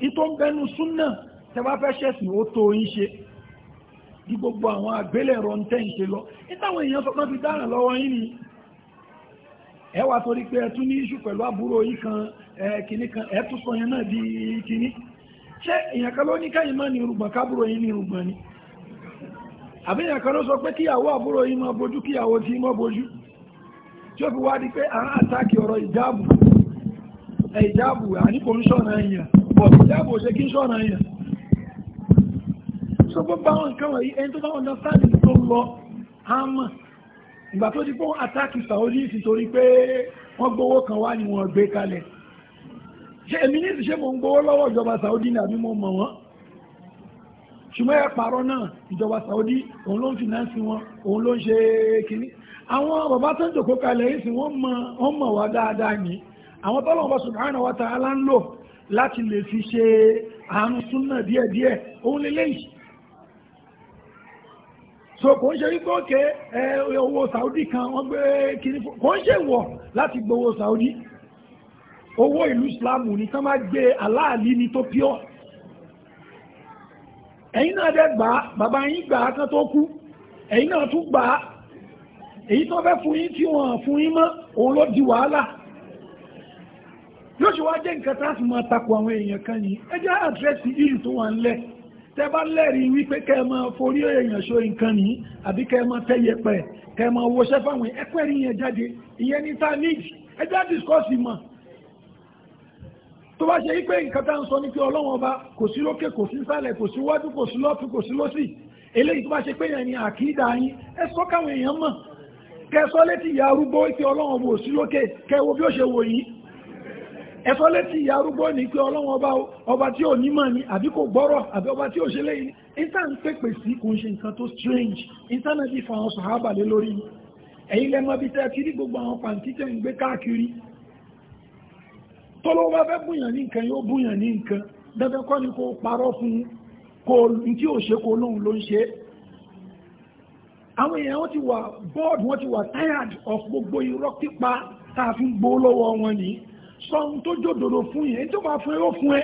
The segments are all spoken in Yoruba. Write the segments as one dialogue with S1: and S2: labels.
S1: ìtò ń bẹnu súnnà tẹwàá fẹ́ ṣẹ̀sìn ó tó yí ṣe ní gbogbo àwọn àgbélẹ̀rọ ń tẹ́ǹṣe lọ nítàwọn èèyàn sọ fi dáràn lọ́wọ́ yín ni ẹ wà torí pé ẹ ní iṣu pẹ̀lú àbúrò yìí kan ẹ kan ẹ sọ yẹn náà di kìíní ṣé èèyàn kan ló ní káyìn má ní irùngbọ̀n kábúrò yín ní irùngbọ̀n ni àbí èèyàn kan ló sọ pé kíyàwó àbúrò yín máa bojú kíyàwó tí máa bojú tí ó fi wá di pé à ń àtàkì ọ̀rọ̀ ìjáàbù ìjáàbù àníkò èèyàn bọ̀ ìjábò ṣe kí ṣọ́nà yẹn so gbogbo àwọn nǹkan wọ̀nyí ẹni tó bá understand tó lọ hama ìgbà tó di fún attack Saudi torí pé wọ́n gbowó kan wá ni wọ́n gbé kalẹ̀ ṣe èmi ní ìṣe mò ń gbowó lọ́wọ́ ìjọba Saudi ní àbí mo mọ̀ wọ́n ṣùgbọ́n ẹ parọ́ náà ìjọba Saudi òun ló ń finance wọn òun ló ń ṣe kínní àwọn bàbá tó ń jòkó kalẹ̀ yìí sì wọ́n mọ̀ wá dáadáa ní àwọn tọ́lọ̀ láti lè fi ṣe àrùn súnà díẹ̀díẹ̀ òun lè léyìí so kò ń ṣe wípé òkè owó Saudi kan wọ́n gbé kiri kò ń ṣe wọ̀ láti gbowó Saudi owó ìlú Islamu ní kán máa gbé aláàlí ní tó pure ẹ̀yin náà dẹ̀ gbà bàbá yín gbà kan tó kú ẹ̀yin náà tún gbà èyí tó fẹ́ fún yín tí wọ́n fún yín mọ́ òun ló di wàhálà yóò ṣe wá jẹ́ nǹkan tá a fi máa takò àwọn èèyàn kan yìí ẹ jẹ́ àdírẹ́sì ìlú tó wà ńlẹ̀ tẹ bá lẹ́rìí wípé kẹ ẹ máa forí èèyàn ṣo nǹkan yìí àbí kẹ ẹ máa tẹ́yẹ pẹ̀ kẹ ẹ máa wọṣẹ́ fáwọn ẹ̀pẹ́ rí yẹn jáde ìyẹn ní tá a níjì ẹ jẹ́ àdìskọ́sì mọ̀ tó bá ṣe wípé nǹkan tá a ń sọ ní pé ọlọ́wọ́n ọba kò sí lókè kò sí sálẹ̀ kò sí wájú kò sí lọ́tù kò sí lọ́sì eléyìí tó bá ṣe pé yẹn ni àkídà yín ẹ sọ káwọn èèyàn mọ̀ kẹ sọ létí ìyá arúgbó ìpè ẹ̀fọ́ létí ìyá arúgbó ni pé ọlọ́wọ́n ọba ọba tí ò nímọ̀ ni àbí kò gbọ́rọ̀ àbí ọba tí ò ṣe lẹ́yìn ni intan pèpè sí kò ń ṣe nǹkan tó strange intanẹ́tì fún àwọn sàhábà lé lórí ni ẹ̀yin lẹ́mọ́ bí tẹ́ kiri gbogbo àwọn pàǹtí tẹ́ ń gbé káàkiri tó ló bá fẹ́ búyàn ní nǹkan yóò búyàn ní nǹkan dandan kọ́ ni kò parọ́ fún kò tí ò ṣe kò lóhun ló ń ṣe àwọn èèyàn wọ́n ti wà bored wọ́n ti wà tired of gbogbo irọ́ pípa tá a fi ń gbó lọ́wọ́ wọn nìí sọ ohun tó jòdòdò fún yìí ẹni tó bá fún ẹ ó fún ẹ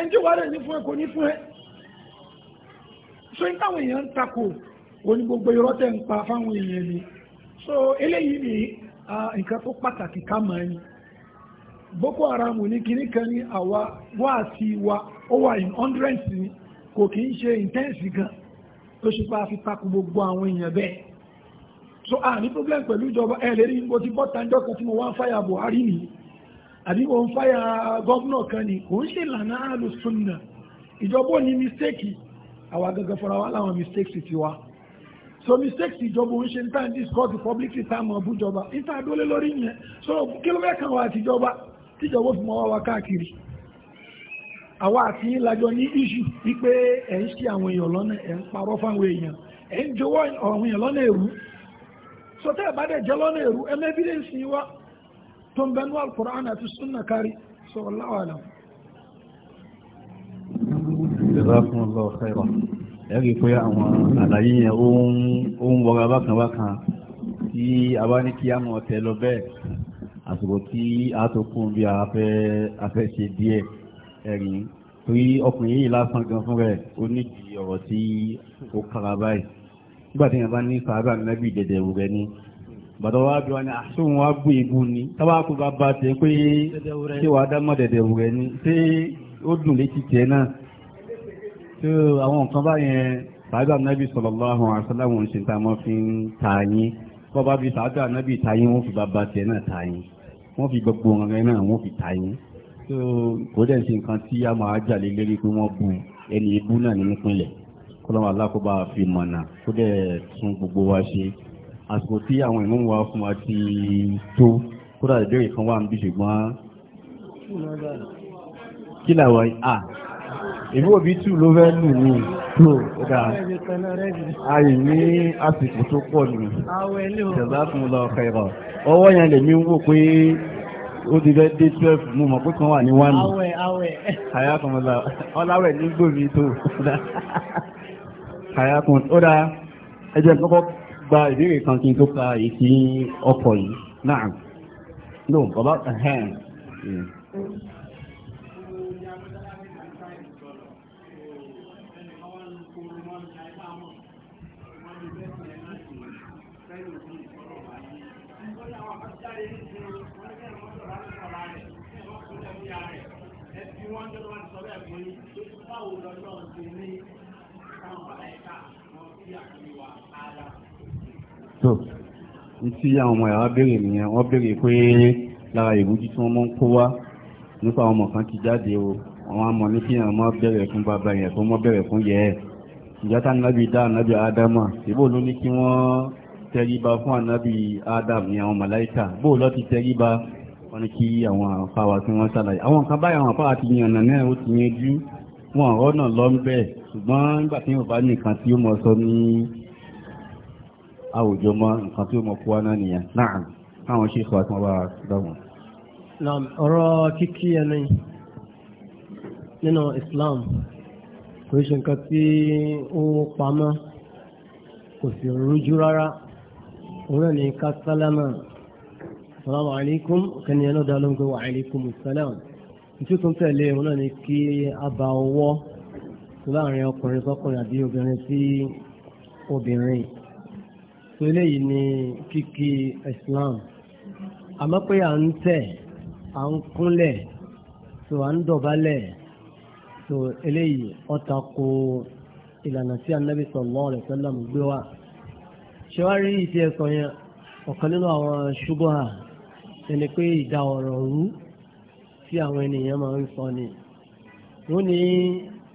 S1: ẹni tó wà rẹ̀ ní fún ẹ kò ní fún ẹ so ní táwọn èèyàn ń takò òní gbogbo irọ́ tẹ̀ ń pa fáwọn èèyàn ni so eléyìí ni nǹkan tó pàtàkì ká mọ̀ ẹni Boko Haram ní kíní kan ní àwa wá àti wa ó wà in hundreds ni kò kì í ṣe intense gan tó ṣe pa fi takò gbogbo àwọn èèyàn bẹ́ẹ̀ so a ní problem pẹ̀lú ìjọba ẹ̀ lérí mo ti bọ́ta ìjọ kan tí mo wá ń fàyà Buhari nìyí àbí o ń fáyà gọ́vnọ̀ kan ni o ń ṣe ìlànà alùsùnà ìjọba ò ní mistake àwa gẹ́gẹ́ fọ́ra wá láwọn mistakes ti wá so mistakes ìjọba ò ń ṣe public lórí yẹn so fi wá wá káàkiri àwa àti ní wípé ẹ̀ ń ṣe àwọn èèyàn lọ́nà ẹ̀ ń parọ́ fáwọn èèyàn ẹ̀ ń àwọn èèyàn lọ́nà èrú so ẹ̀ bá dẹ̀ jẹ́ tó ń bẹnu alukur'an àti sunna kárí sọ̀rọ̀ láwàá náà.
S2: jazakum allah khairan ẹ̀rí pé àwọn àlàyé yẹn ó ń wọra bákan bákan tí a bá ní kí á mọ̀ tẹ lọ bẹ́ẹ̀ àsìkò tí a tó kún bí a fẹ́ ṣe díẹ̀ ẹ̀rí torí ọkùnrin yìí lásán gan fún rẹ̀ ó nídìí ọ̀rọ̀ tí ó kára báyìí nígbà tí yẹn bá ní sàábà nábì dẹ̀dẹ̀ wù rẹ̀ ni bàtọ̀ wá bí wá ní àṣùn wá gbé ibu ni tábàkù bá bá tẹ pé ṣé wàá dá mọ́ dẹ̀dẹ̀rù rẹ ni ṣé ó dùn létí tiẹ̀ náà tó àwọn nǹkan báyẹn sàádọ́ ànábì sallallahu alaihi wasallam ń ṣe tá a mọ́ fi ń ta yín bọ́ bá fi sàádọ́ ànábì ta yín wọ́n fi bá bá tiẹ̀ náà ta yín wọ́n fi gbogbo ọ̀ràn rẹ náà wọ́n fi ta yín tó kò dẹ̀ ṣe nǹkan tí a máa jà lé lérí pé wọ́n bu ẹni ibú náà nínú pinlẹ̀ kọ́lọ́mọ alákòóbá fi mọ̀nà kó dẹ̀ tún gbogbo wa ṣe àsìkò tí àwọn ìmú wa fún wa ti tó kódà ìbéèrè kan wà ń bí ṣùgbọ́n kí làwọn à ìbú òbí tù ló fẹ́ lù ní tó ọ̀dà ayì ní àsìkò tó pọ̀ nù ìjọba fún lọ kẹrọ ọwọ́ yẹn lèmi ń wò pé ó ti fẹ́ dé twelve mú mọ̀ pé kan wà ní one. àwẹ̀ àwẹ̀. àyàkùnmọ̀lá ní gbòmí tó. àyàkùn ó dáa kọ́kọ́ gba ìbéèrè kan kí n tó ka èyí sí ọkọ̀ yìí náà no bàbá ẹ̀hẹ́n. Hmm. tí àwọn ọmọ ẹ̀rọ béèrè nìyẹn wọ́n béèrè pé lára ìrújú tí wọ́n mọ́ ń kó wá nípa ọmọ kan ti jáde o àwọn amọ̀ ní kí àwọn ọmọ bẹ̀rẹ̀ fún bàbá yẹn tó mọ́ bẹ̀rẹ̀ fún yẹ ẹ̀ ìjátá nábì dá nábì ádámà ìbò ló ní kí wọ́n tẹríba fún ànábì ádám ní àwọn màláìkà bó lọ ti tẹríba wọn ni kí àwọn àfáwà tí wọ́n ṣàlàyé àwọn kan báyìí àwọn àfáwà ti yànnà náà ó ti yanjú wọn ọ̀rọ̀ náà lọ ń bẹ̀ ṣùgbọ́n nígbà tí yóò bá nìkan tí ó mọ̀ sọ ní àwùjọ mọ́ nǹkan tí ó mọ̀ fún wa náà nìyẹn náà káwọn ṣe ìkọ̀ àti wọn bá dáhùn.
S3: naam ọ̀rọ̀ kíkí ẹni nínú Islam kò ṣe nǹkan tí ó pamọ́ kò sì rújú rárá òun náà ní ká sálámà salamu alaikum kẹni ẹ̀nà dá ló ń gbé wa alaikum salam tí ó tún tẹ̀lé òun náà ní kí a bá ọwọ́ láàrin ọkùnrin sọ́kùnrin àbí obìnrin sí obìnrin. so eléyìí ni kíkí islam àmọ́ pé à ń tẹ̀ à ń kúnlẹ̀ so à ń dọ̀bálẹ̀ so eléyìí ọ̀tà kò ìlànà tí anabi sallallahu alaihi gbé wa ṣé wàá rí ìdí ẹ̀sọ́ yẹn ọ̀kan nínú àwọn ṣubúhà ẹni pé ìdá ọ̀rọ̀ rú tí àwọn ènìyàn máa ń sọ ni wọ́n ní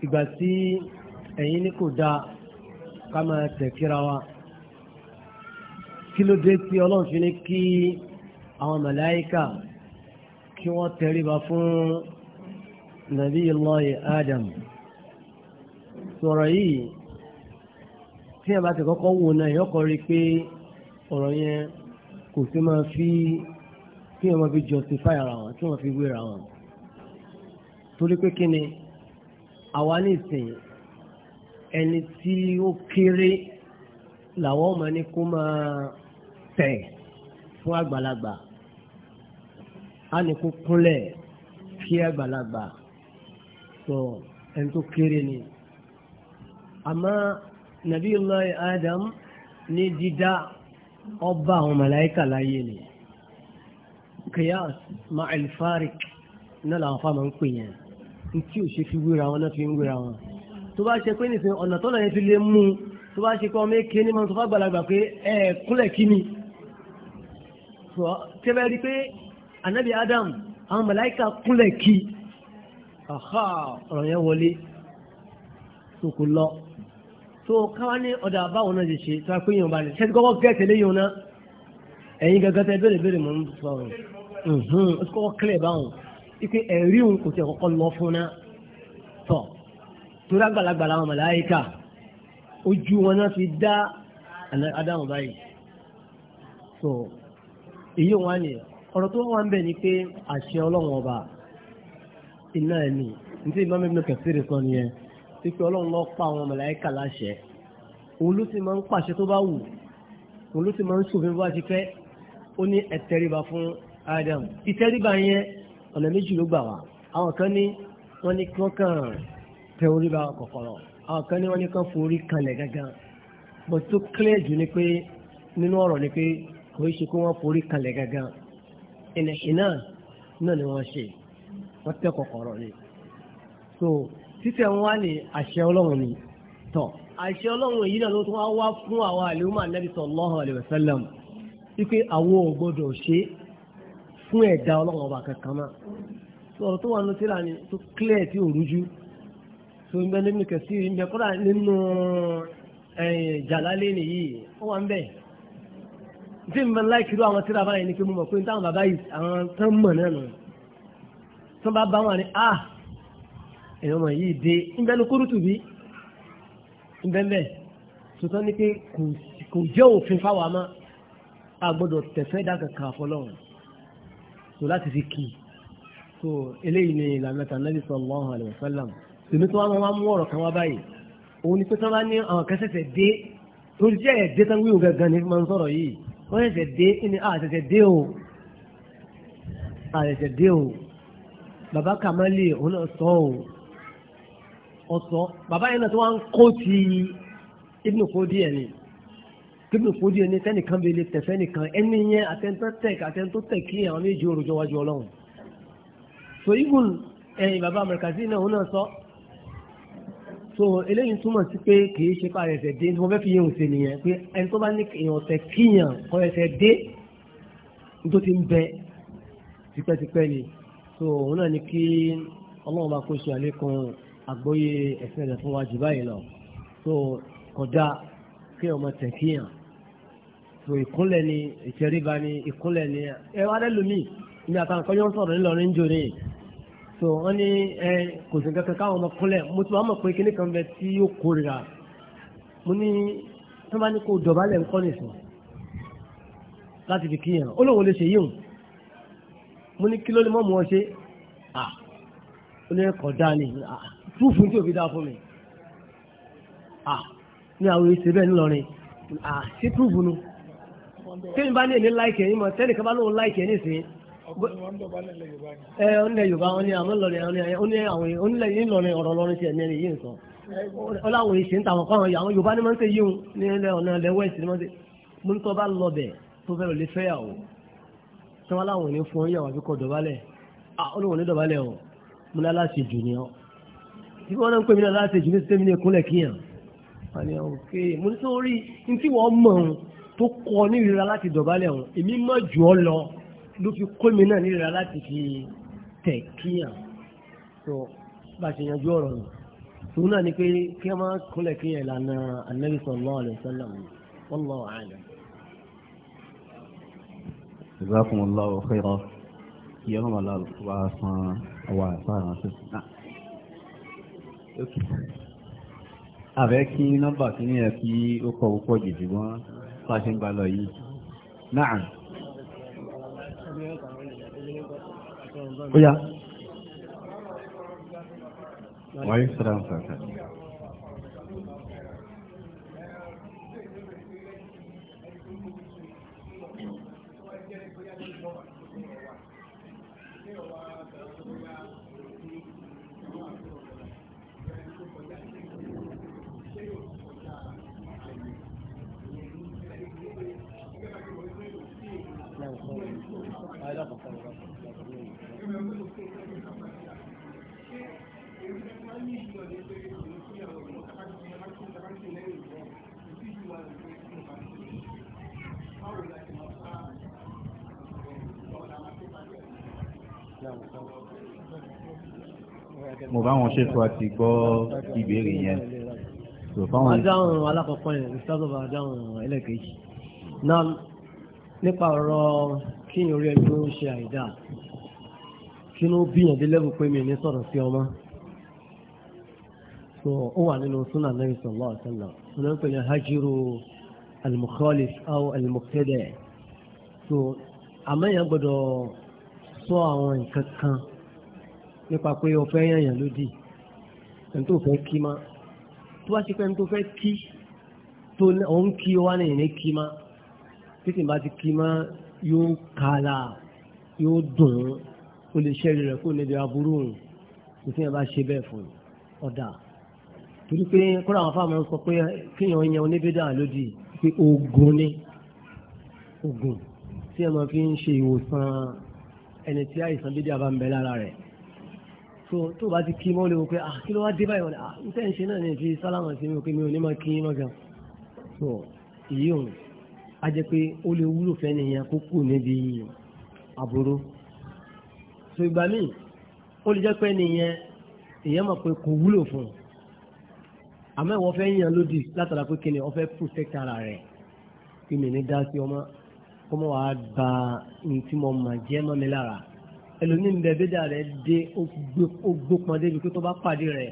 S3: ìgbà tí ẹ̀yin ní kò dáa ká wa. kí ló dé tí ọlọ́run fi ní kí àwọn màláíkà kí wọ́n tẹríba fún nàbí Allahi Adam sọ̀rọ̀ yìí tí ẹ̀ bá ti kọ́kọ́ wò náà yọ kọ́ rí pé ọ̀rọ̀ yẹn kò sí máa fi kí wọ́n fi justify ara wọn kí wọ́n fi wéra wọn torí pé kí ni àwa nìsín ẹni tí ó kéré làwọn ọmọ ní kó máa tẹ̀ fún àgbàlagbà á ní kó kúnlẹ̀ kí àgbàlagbà tó ẹni tó kéré ni àmọ́ Nabiyullahi Adam ní dídá ọba àwọn màláíkà láyé ni kìyàs ma'al farik náà làwọn fáwọn ń pè yẹn tí ò ṣe fi wéra wọn náà fi ń wéra wọn tó bá ṣe pé nìsín ọ̀nà tó náà yẹn fi lè mú tó bá ṣe pé ọmọ èké ní mọ́tò fàgbàlagbà pé ẹ̀ẹ́kúnlẹ̀ kí ni sọ tẹ́lẹ̀ rí pé anabi adam àwọn màláíkà kúnlẹ̀ kí ọ̀rọ̀ yẹn wọlé tó kò lọ tó káwá ní ọ̀dà báwọn náà ṣe ṣe tó a pé yìnbọn balẹ̀ ṣẹ́ni kọ́kọ́ gẹ́ tẹ̀lé yìnbọn náà ẹ̀yin gẹ́gẹ́ tẹ́ bẹ̀rẹ̀ bẹ̀rẹ̀ mọ̀ ń sọ ọ̀rọ̀ ó ti kọ́kọ́ kílẹ̀ báwọn ipe ẹ̀rí òun kò tiẹ̀ kọ́kọ́ lọ fún náà tọ̀ torí àgbàlagbà làwọn màláíkà ojú wọn náà fi dá àdáhùn báyìí èyí wà ní ọ̀rọ̀ tó wà ń bẹ̀ ni pé àṣẹ ọlọ́run ọba iná ẹ̀ ní nítorí ìmọ̀ Ibn Kathir sọ nìyẹn tí pé ọlọ́run lọ pa àwọn màláíkà láṣẹ òun ló sì máa ń pàṣẹ tó bá wù òun ló sì máa ń ṣòfin bá ti fẹ́ ó ní ẹ̀tẹ́ríba fún Adam ìtẹ́ríba yẹn ọ̀nà méjì ló gbà wá àwọn kan ní wọ́n ní kí wọ́n kàn tẹ orí ba kọ̀kọ̀rọ̀ àwọn kan ní wọ́n ní kàn forí kanlẹ̀ gángan bọ̀ tó clear jù ni pé nínú ọ̀rọ̀ ni pé kò ṣe kí wọ́n forí kalẹ̀ gangan ìnà ìnà náà ni wọ́n ṣe wọ́n tẹ́ kọ̀kọ̀rọ̀ ni so títẹ̀ wọn wá ní àṣẹ ọlọ́run ni tọ̀ àṣẹ ọlọ́run èyí náà ló tún wá fún àwọn àlùmọ́ ànábì sallallahu alaihi wasallam wípé àwọn ò gbọdọ̀ ṣe fún ẹ̀dá ọlọ́run ọba kankan náà sọ̀rọ̀ tó wà ní tíra ni tó clear tí ò rújú tó ń bẹ nínú kẹsí ń bẹ kọ́ra nínú jàlálẹ́ nìyí ó wà ń bẹ́ẹ̀ tí n máa ń láìkiri àwọn tíra báyìí ni kí mo mọ̀ pé táwọn bàbá yìí àwọn tán mọ̀ náà nù tó bá bá wọn ni a ah, èèyàn mọ̀ yìí dé nbẹ́ ló kúrú tùbí nbẹ́ mbẹ́ tuntun ni pé kò jẹ́ òfin fáwọn àmọ́ a gbọ́dọ̀ tẹ̀sán ìdá kankan àfọlọ́run tó láti fi kì í tó eléyìí ni ìlànà tàn Nabi sallallahu alaihi wasallam tèmi tó wá máa mú ọ̀rọ̀ kan wá báyìí òun ni pé tó bá ní àwọn kẹsẹ̀sẹ̀ dé tó jẹ́ ẹ̀ẹ́dẹ́tàn wíwò gangan ni máa ń yìí wọ́n ṣẹ̀ṣẹ̀ dé ní àṣẹ̀ṣẹ̀ dé o àṣẹ̀ṣẹ̀ dé o bàbá kamali òun náà sọ o ọsọ bàbá yẹn náà tó wá ń kó ti ibùdó kó díẹ̀ ni ibùdó kó díẹ̀ ni tẹ́nìkan bẹ lè tẹ̀fẹ́ nìkan ẹni yẹn àtẹ̀ntọ́ tẹ̀k àtẹ̀ntọ́ tẹ̀k kí àwọn méjì òrùjọ wájú ọlọ́run so ibùn ẹ̀yìn eh, bàbá amẹ̀ríkà sí náà òun náà sọ. So, so eléyìí túmọ̀ sí pé kì í ṣe pa ẹsẹ̀ dé tí wọ́n fẹ́ fi yẹn òsè nìyẹn pé ẹni tó bá ní èèyàn ọ̀sẹ̀ kíyàn kọ ẹsẹ̀ dé tó ti ń bẹ tipẹ́tipẹ́ ni so òun náà ni kí ọlọ́run bá kó ṣe àlékún àgbóyè ẹ̀sìn rẹ̀ fún wa jù báyìí lọ so kọjá kí ọmọ tẹ̀ kíyàn so ìkúnlẹ̀ ni ìtẹríba ni ìkúnlẹ̀ ni ẹ wá lẹ́lùmí ní àtàkọ́jọ́ sọ̀rọ̀ ńlọrin jò so wọ́n ní ẹ kò sí nǹkan kan káwọn ọmọ kúnlẹ̀ mo ti wọ́n mọ̀ pé kíní kan bẹ tí ó kórira mo ní tí wọ́n bá ní kó dọ̀bálẹ̀ ń kọ́ nìsín láti fi kíyàn ó lóun lè ṣe yíhun mo ní kí ló lè mọ́ mu ọ ṣe à ó ní ẹ̀kọ́ dání à túùfù tí òbí dá fún mi à ní àwọn èsì bẹ́ẹ̀ ńlọrin à ṣé túùfù nu kí ni bá ní èmi láìkì ẹ̀yìn mọ̀ tẹ́lẹ̀ kan bá lóun láìkì ẹ̀ nísìnyí
S1: ẹ
S3: onílẹ̀ yorùbá wọn ni àwọn lọrin àwọn ni àwọn onílẹ̀ yìí lọrin ọ̀rọ̀ lọrin tiẹ̀ ní ẹni yìí nǹkan ọláwọn èsì ń ta àwọn kọ́ran àwọn yorùbá ni máa ń ṣe yíhun ní ilẹ̀ ọ̀nà ilẹ̀ west ni máa ń ṣe mo ń tọ́ bá lọ bẹ̀ tó fẹ́ lọ lè fẹ́yàwó tí wọ́n láwọn ò ní fún yàwó àfi kọ́ dọ̀bálẹ̀ olóhùn ní dọ̀bálẹ̀ o mo ní aláṣejù ni ọ́ tí wọ́n náà ń pè mí ní aláṣejù ní sẹ́mi ní ìkúnlẹ̀ kíyàn wọ́n ní ok mo ní sórí ní tí wọ́n mọ̀ tó kọ ní ìrora láti dọ̀bálẹ̀ o èmi mọ̀ jù ọ lọ ló fi kó mi náà nírira láti fi tẹ̀ kíyàn tó bá ṣe yanjú ọ̀rọ̀ nù tòun náà ni pé kí a máa kúnlẹ̀ kíyàn ìlànà anabi sallallahu alaihi wasallam wallahu a'lam.
S2: jazakumullahu khairan yẹ ọmọ la wa san wa san ránṣẹ́ náà. Ah. àbẹ́ kí nọ́mbà kí ni ẹ kí ó kọ̀ púpọ̀ jù jùlọ bá ṣe ń balọ̀ yìí Oya, yá. wàá yí sọ́dọ̀ mo bá wọn ṣètò àti gbọ́ ìbéèrè yẹn.
S3: adáhùn alákọ̀ọ́kọ́ yẹn ìsádọ́bà adáhùn ẹlẹ́kẹ̀ẹ́jì náà nípa ọ̀rọ̀ kí n orí ẹni tó ń ṣe àìdá kí ló bíyàn dé lẹ́bù pé mi ní sọ̀rọ̀ sí ọmọ so ó wà nínú súnà Nabi sallallahu alaihi wasallam ọ̀nà ń pè ní hajiru al-mukhalif aw al-muqtada so àmọ́ yẹn gbọ́dọ̀ sọ àwọn nǹkan kan nípa pé o fẹ́ yànyàn lódì ẹni tó fẹ́ kí má tó wá sí pé ẹni tó fẹ́ kí tó ọ̀ ń kí wá nìyẹn ní kí má títí bá ti kí má yóò kàlà yóò dùn ún o lè ṣẹ́rí rẹ̀ kó níbi aburú òun kò sí yẹn bá ṣe bẹ́ẹ̀ fún ọ̀dà torí pé kọ́ra àwọn fáwọn ń sọ pé kíyàn yan oníbẹ̀dà lódì pé ogun ni ogun tí ẹ máa fi ń ṣe ìwòsàn ẹni tí àìsàn bídí àbá ń lára rẹ̀ so tó bá ti kí mọ́ lè wò pé ah kí ló wá dé báyìí wọn ah iṣẹ́ ìṣe náà ní ìfi sálámà sí mi ò pé mi ò ní máa kí yín mọ́gàn so èyí òun a jẹ pé ó lè wúlò fẹ́ nìyẹn kó kù níbi àbúrò so ìgbà míì ó lè jẹ́ pé nìyẹn èyàn mọ̀ pé kò wúlò fún un àmọ́ ìwọ fẹ́ yàn lódì látara pé kíni ọfẹ́ protect ara rẹ̀ kí mi ní dá sí ọmọ ọmọ wàá gba ní tí mo mà jẹ́ mọ́ mi lára ẹlòmí ń bẹ bídà rẹ̀ dé ó gbópọn débi pé tó bá pàdé rẹ̀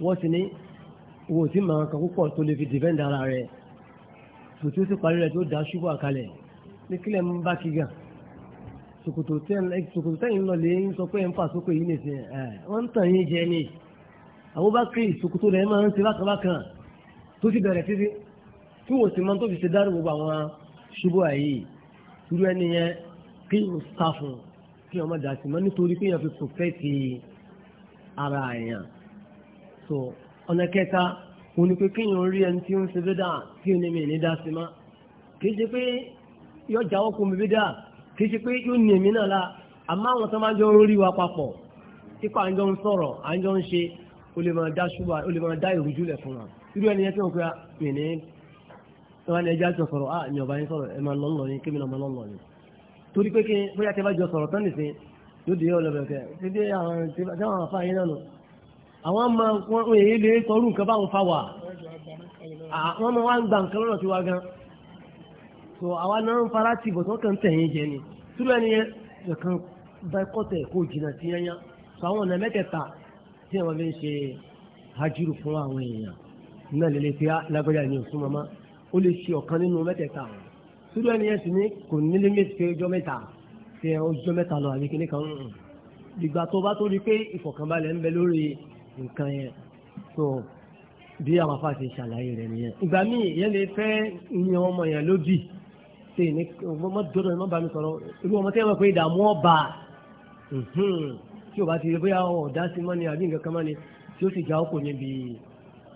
S3: wọ́n ti ní wo ti màá kan púpọ̀ tó lè fi dìbẹ́ǹd ara rẹ̀ tòtí ó sì parí rẹ̀ tó dá ṣubú àkàlẹ̀ ní kílẹ̀ ń bá kígà ṣòkòtò tẹ́yìn lọ lè ń sọ pé ń fà sókè yìí nìsín wọ́n ń tàn yín jẹ ni Abubakar ṣòkòtò rẹ̀ máa ń ṣe bákanbákan tó ti bẹ̀rẹ̀ títí tí wò sí máa tó fi ṣe dárò gbogbo àwọn ṣubú àyè irú ẹni yẹn kí n sá fún un kí ọmọ dà sí mọ́ nítorí pé èèyàn fi sùn ti ara èèyàn so ọ̀nà kẹta òun ni pé kéèyàn rí ẹni tí ó ń ṣe bídà tí ó ní mi ní dá sí mọ́ kì ṣe pé yóò jáwọ́ kó mi bídà kì ṣe pé yóò ní èmi náà la àmọ́ àwọn tó máa ń jọ ń rí wa papọ̀ ipa à ń jọ ń sọ̀rọ̀ à ń jọ ń ṣe ó lè máa dá ṣúgbà ó lè máa dá ìrújú lẹ̀ fún wa irú ẹni yẹn tí wọ́n pe mi ní ni ẹja sọ̀rọ̀ ah mi ò bá yín ẹ torí pé kí bóyá tẹ bá jọ sọ̀rọ̀ tán nìsín yóò dé ọlọ́bẹ̀ kẹ ṣé bí àwọn tí wọ́n fa yín náà nù àwọn máa wọn èyí lè sọrú nǹkan báwọn fa wà àwọn máa wá ń gba nǹkan lọ́nà tí wá gan so àwa náà ń fara tì bọ̀ tí tẹ̀yìn jẹ ni túrú ẹni yẹn nǹkan bá kọ́tẹ̀ kó jìnnà sí yányá so àwọn ọ̀nà mẹ́tẹ̀ẹ̀ta tí àwọn fi ń ṣe hajuru fún àwọn èèyàn náà lè lè fi lágbájá ni òsún mọ́mọ́ ó lè ṣe ọ̀kan nínú mẹ́tẹ̀ẹ̀ta àwọn sórí ẹni ẹ sì ní kò ní límítì pé ọjọ́ mẹ́ta ṣe ọjọ́ mẹ́ta lọ àbí kíní kan ń ìgbà tó bá tó rí pé ìfọ̀kànbalẹ̀ ń bẹ lórí nǹkan yẹn tó bí àwọn afá ti ṣàlàyé rẹ̀ nìyẹn. ìgbà míì yẹn lè fẹ́ yan ọmọ yẹn lódì ṣe ní ọmọ dọ́dọ̀ ni wọ́n bá mi sọ̀rọ̀ irú ọmọ tí wọ́n pe ìdààmú ọba tí o bá ti rí bóyá ọ̀dá sí mọ́ni àbí nǹkan kan mọ́ni tí ó sì já ọkọ̀ níbi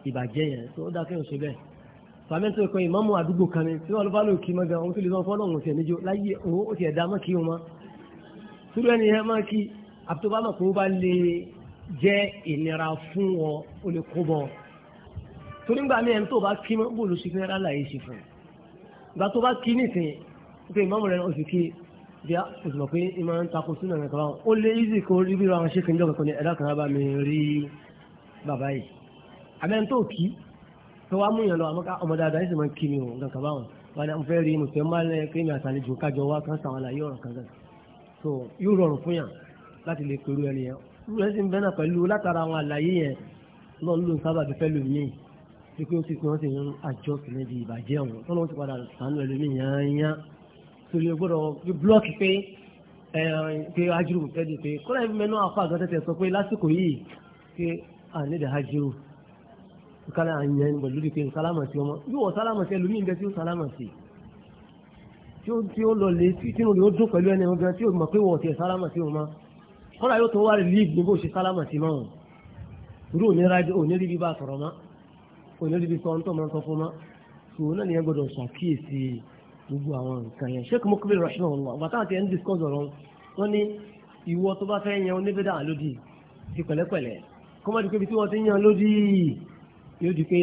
S3: ìbàjẹ́ yẹn tó dá kéèyàn fàmí tó kọ ìmáàmù àdúgbò kan ní tí wọn bá lò kí mọ gan ohun tó lè sọ fọlọ òun tiẹ níjó láyé òun ó tiẹ dá mọ kí wọn mọ sórí ẹni yẹn máa kí àtọbá mọ kó bá lè jẹ ìnira fún wọn ó lè kó bọ torí gbà mí ẹni tó bá kí mọ bóòlù sí fúnra láyé sí fún gbà tó bá kí nìsín pé ìmáàmù rẹ oṣù kí bí a kò sì mọ pé ìmọ̀ ń takò sínú ẹ̀rọ tó wá mú yàn lọ àmọ́ ọmọ dáadáa yìí sì máa ń kí mi ò nǹkan kàbá wọn wọn àwọn fẹ́ rí inú fẹ́ máa lẹ kí mi àtàlejò kájọ wá kan sàwọn àlàyé ọ̀rọ̀ kan kan so yóò rọrùn fún yàn láti lè pẹ̀lú ẹni yẹn rẹ̀ sì ń bẹ́nà pẹ̀lú látara àwọn àlàyé yẹn lọ́n ló ń sábà bí fẹ́ lómìn tí pé ó sì pé wọ́n sì ń àjọ sílẹ̀ di ìbàjẹ́ ọ̀hún tọ́lọ́ wọn ti padà sànú ẹlòmíì yányá torí gbọ́dọ̀ blọ́ọ̀kì pé pé ajuru tẹ́lẹ̀ pé kọ́lá ẹ̀mí mẹ́nu àfọ àgọ́ tẹ́tẹ́ sọ pé lásìkò yìí pé à ah, nídìí ajuru kálá àyàn ní pẹ̀lú pé sálámà sí ọmọ yóò wọ sálámà sí ẹlòmíì bẹ tí ó sálámà sí tí ó tí ó lọ lé tí tí ó dún pẹ̀lú ẹni ọgbẹ́ tí ó mọ̀ pé wọ́n ti sálámà sí ọmọ kọ́lá yóò tó wá rìlíìf ní bó ṣe sálámà sí mọ́ òun irú òní rí bá sọ̀rọ̀ mọ́ òní rí bí sọ ọ́ntọ́ máa ń sọ fún mọ́ ṣùgbọ́n náà nìyẹn gbọ́dọ̀ ṣàkíyèsí gbogbo àwọn nǹkan yẹn ṣé kí mo kébèrè rọ̀ṣẹ́ wọn wà bàtà àti ẹni discuss ọ̀rọ̀ wọn ní ìwọ tó bá fẹ́ yan oníbẹ̀dà lódì ti pẹ̀lẹ́pẹ̀lẹ́ kọ́mọ́dé pé ibi tí wọ́n ti yan lódì yóò di pé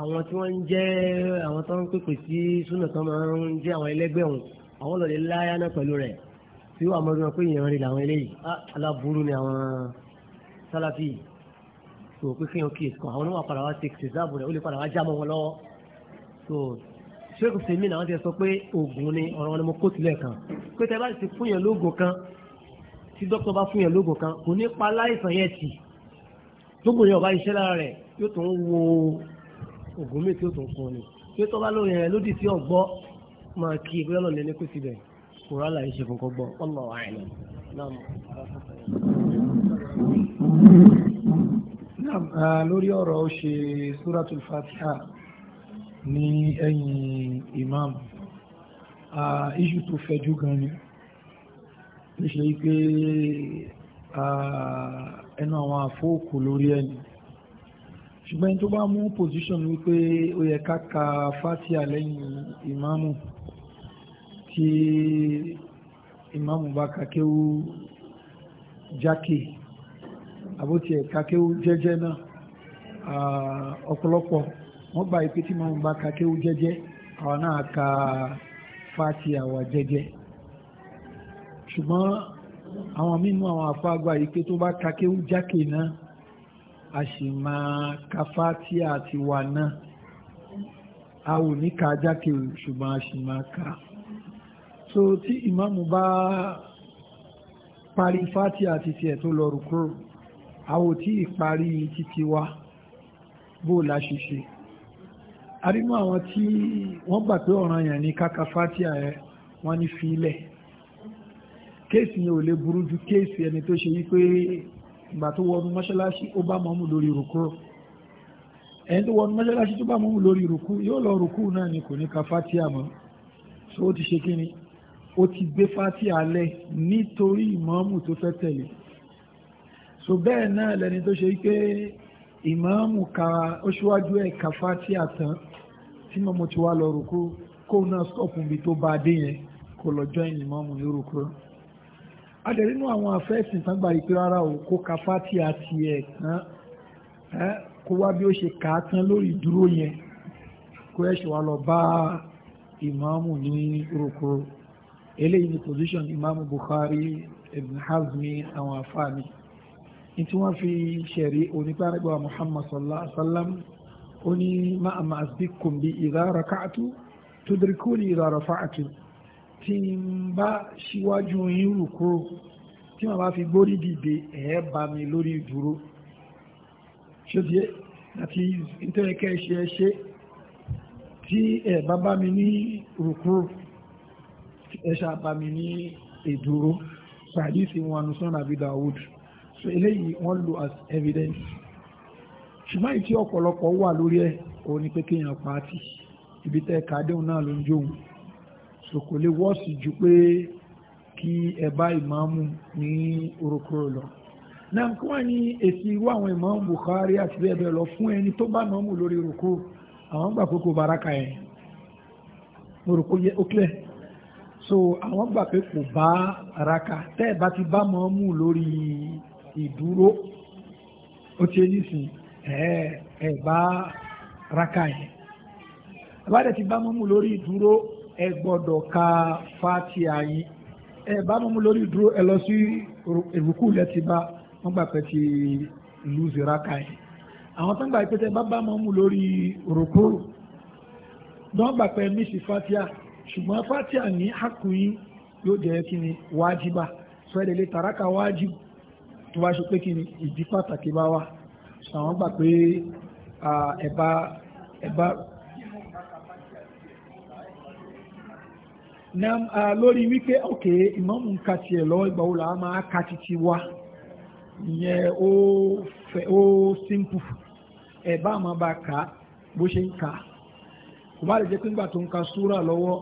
S3: àwọn tí wọ́n ń jẹ́ àwọn tó ń pèpè sí súnà tó máa ń jẹ́ àwọn ẹlẹ́gbẹ́ òun àwọn lọ́ọ̀lẹ́ láyà náà pẹ̀lú rẹ̀ tí wàá mọ́tò pé èèyàn rí làwọn eléyìí aláburú ni àwọn sálàfì tó pé kéèyàn kí èsì kan àwọn oníwà padà wá ti ṣèṣàbù rẹ̀ ó lè padà wá jámọ́ wọn lọ́wọ́ tó ṣéèkù sèmi náà wọ́n ti sọ pé oògùn ni ọ̀rọ̀ wọn ni mo kó tilẹ̀ kan pé tẹ bá ti fún yẹn lóògùn kan tí dókítà bá fún yẹn lóògùn kan kò ní pa aláìsàn yẹn tì tóbùn yẹn ọba iṣẹ́ lára rẹ̀ yóò tún wo ògùn mi tí ó tún kún ni pé tọ́ba lórí rẹ̀ lódì tí ọ̀gbọ́ máa kí ìgbé ọlọ́ọ̀ni ní kó síbẹ̀ kò rálá yìí ṣe fún gbọ́ ọ̀nà àìlẹ̀
S1: náà. lórí ọ̀rọ̀ ó ṣe suratul fatiha ní ẹ̀yìn imam iṣu tó fẹjú gan ni ó ṣe pé ẹnu àwọn àfóòkù lórí ẹni ṣùgbọ́n ẹni tó bá mú pòsíṣọ̀n wípé ó yẹ ká ka fátíà lẹ́yìn ìmáàmù tí ìmáàmù bá kakéwú jákè àbótiẹ̀ kakéwú jẹ́jẹ́ náà ọ̀pọ̀lọpọ̀ wọ́n gba ìpè tí ìmáàmù bá kakéwú jẹ́jẹ́ àwọn náà ka fátíà wà jẹ́jẹ́ ṣùgbọ́n àwọn mímú àwọn àfáàgbà ike tó bá kakéwú jákè náà a sì máa kafá tí a ti wà náà a ò ní ka jákè ṣùgbọ́n a sì máa ka so tí ìmáàmù bá parí fátí àti tiẹ̀ tó lọ rùkúrò a tí ì títí wa bó la ṣe ṣe a rí mú àwọn tí wọ́n gbà pé ọ̀ranyàn ní káka fátí ààrẹ wọ́n ní fi ilẹ̀ kéèsì yẹn ò lè burú ju kéèsì ẹni tó ṣe wípé ìgbà tó wọnú mọ́ṣáláṣí ó bá mọ́mú lórí rùkú ẹni tó wọnú mọ́ṣáláṣí tó bá mọ́mú lórí rùkú yóò lọ rùkú náà ni kò ní ka fatia mọ́ so ó ti ṣe kí ni ó ti gbé fatia lẹ̀ nítorí ìmáàmù tó fẹ́ tẹ̀lé so bẹ́ẹ̀ náà lẹni tó ṣe wípé ìmáàmù ka ó ṣíwájú ẹ̀ ka fatia tán tí mọ́mú ti wá lọ rùkú kóun náà stop níbi tó bá dé yẹn kó lọ join ìmáàmù ní rùkú rẹ̀ adẹ̀rínú àwọn afẹ́sìn tán gba ìpè rárá o kó ka fátì àti ẹ̀ tán kó wá bí ó ṣe kà á tán lórí ìdúró yẹn kó ẹ̀ ṣe wá lọ bá ìmáàmù ní rokoro eléyìí ni position ìmáàmù Bukhari ibn Hazmi àwọn afáàmì ní tí wọ́n fi ṣẹ̀rí onípàrẹ́gbà Muhammad sallallahu alaihi wa sallam ó ní máa máa bí kùnbí idha raka'tu tudrikuni idha rafa'tu tí n bá síwájú yín rùkú tí wọ́n bá fi gbórí dìde ẹ̀ bá mi lórí ìdúró ṣóbi àti ìtẹ́ẹ̀kẹ́ ṣe ẹ ṣe tí ẹ̀ bá bá mi ní rùkú ẹ̀ ṣàbá mi ní ìdúró pàdé sí wọn anusọ́nà àbí Dawud so eléyìí wọ́n lò as evidence ṣùgbọ́n ìtí ọ̀pọ̀lọpọ̀ wà lórí ẹ̀ òun ni pé kéèyàn pa á tì ibi tẹ́ ẹ̀ka náà ló ń jóun so kò lè wọ́ọ̀sì ju pé kí ẹ bá ìmáàmù ní orokoro lọ náà kí wọ́n ní èsì irú àwọn ìmáàmù Bukhari àti bẹ́ẹ̀ bẹ́ẹ̀ lọ fún ẹni tó bá náà mú lórí orokó àwọn gbà pé kò bára ka ẹ̀ orokó yẹ ó so àwọn gbà pé kò bá raka tẹ́ ẹ̀ bá ti bá mọ́ mú lórí ìdúró ó ti nísìn ẹ̀ ẹ̀ bá raka yẹn àbádẹ́ ti bá mọ́ mú lórí ìdúró ẹ gbọ́dọ̀ ka fátíà yín ẹ bá mú lórí dúró ẹ lọ sí ìrùkú lẹ́tì bá wọ́n gbà pé ti ìlú ziraka yìí àwọn tó ń gbà pé tẹ bá bá mú lórí ìrùkú wọ́n gbà pé mísì fátíà ṣùgbọ́n fátíà ní hakùnrin yóò jẹ́ kí ni wájibà fẹ́rẹ̀ lè tàràkà wájib tó bá ṣe pé kí ni ìdí pàtàkì bá wà ṣàwọn gbà pé ẹ̀bá na lórí wípé ok ìmáàmù ń ka tiẹ̀ lọ ìgbà wo làá máa ka titi wa ìyẹn ó fẹ́ ó simple ẹ̀ bá máa bá ka bó ṣe ń ka kò bá lè jẹ́ pé nígbà tó ń ka súrà lọ́wọ́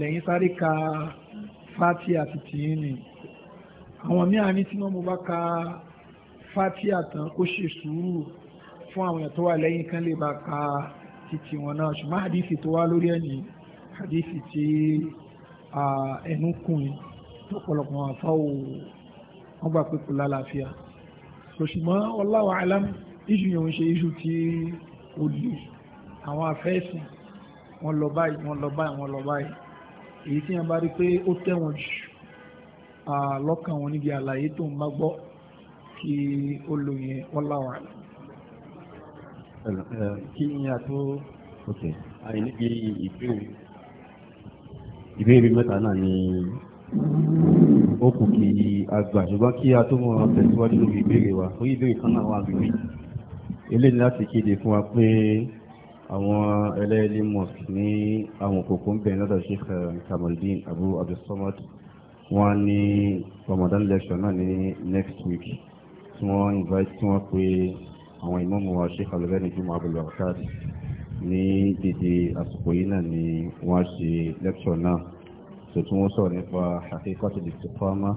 S1: lẹ́yìn sáré ka fati àti tìyín ni àwọn míì àní tí wọ́n mú bá ka fati àtàn kó ṣe sùúrù fún àwọn èèyàn tó lẹ́yìn kan lè bá ka titi wọn náà ṣùgbọ́n àdìsí tó wá lórí ẹ̀ ní àdìsí tí ẹnu kùn yìí lọ́pọ̀lọpọ̀ wọn àfa ò wọ́n gbà pé kò lálàáfíà ṣùgbọ́n wallahu alam iṣu yẹn ń ṣe iṣu tí ó lè àwọn afẹ́sìn wọn lọ báyìí wọn lọ báyìí wọn lọ báyìí èyí tí wọn bá rí pé ó tẹ̀wọ̀n jù lọ́kàn wọn níbi àlàyé tó ń bá gbọ́ kí ó lò yẹn wallahu alam.
S2: kí ni a tó àìníbi ìbéèrè ìbéèrè mẹ́ta náà ni ó kù kí àgbà ṣùgbọ́n kí a tó mọ̀ tẹ̀síwájú lórí ìbéèrè wa orí ìbéèrè kan náà wà lórí eléyìí láti kéde fún wa pé àwọn ẹlẹ́ẹ̀lì mosque ní àwọn òkòkò ń bẹ̀rẹ̀ lọ́dọ̀ Sheikh eh, Kamaldeen Abu Abdulsamad wọ́n ní Ramadan lecture náà ní next week tí wọ́n invite tí wọ́n pe àwọn ìmáàmù wa Sheikh Albani Juma Abdulbakar ní dìde àsìkò yìí náà ni wọ́n ṣe lẹ́kṣọ̀ náà tó tún wọ́n sọ̀rọ̀ nípa haqiqatul istiqama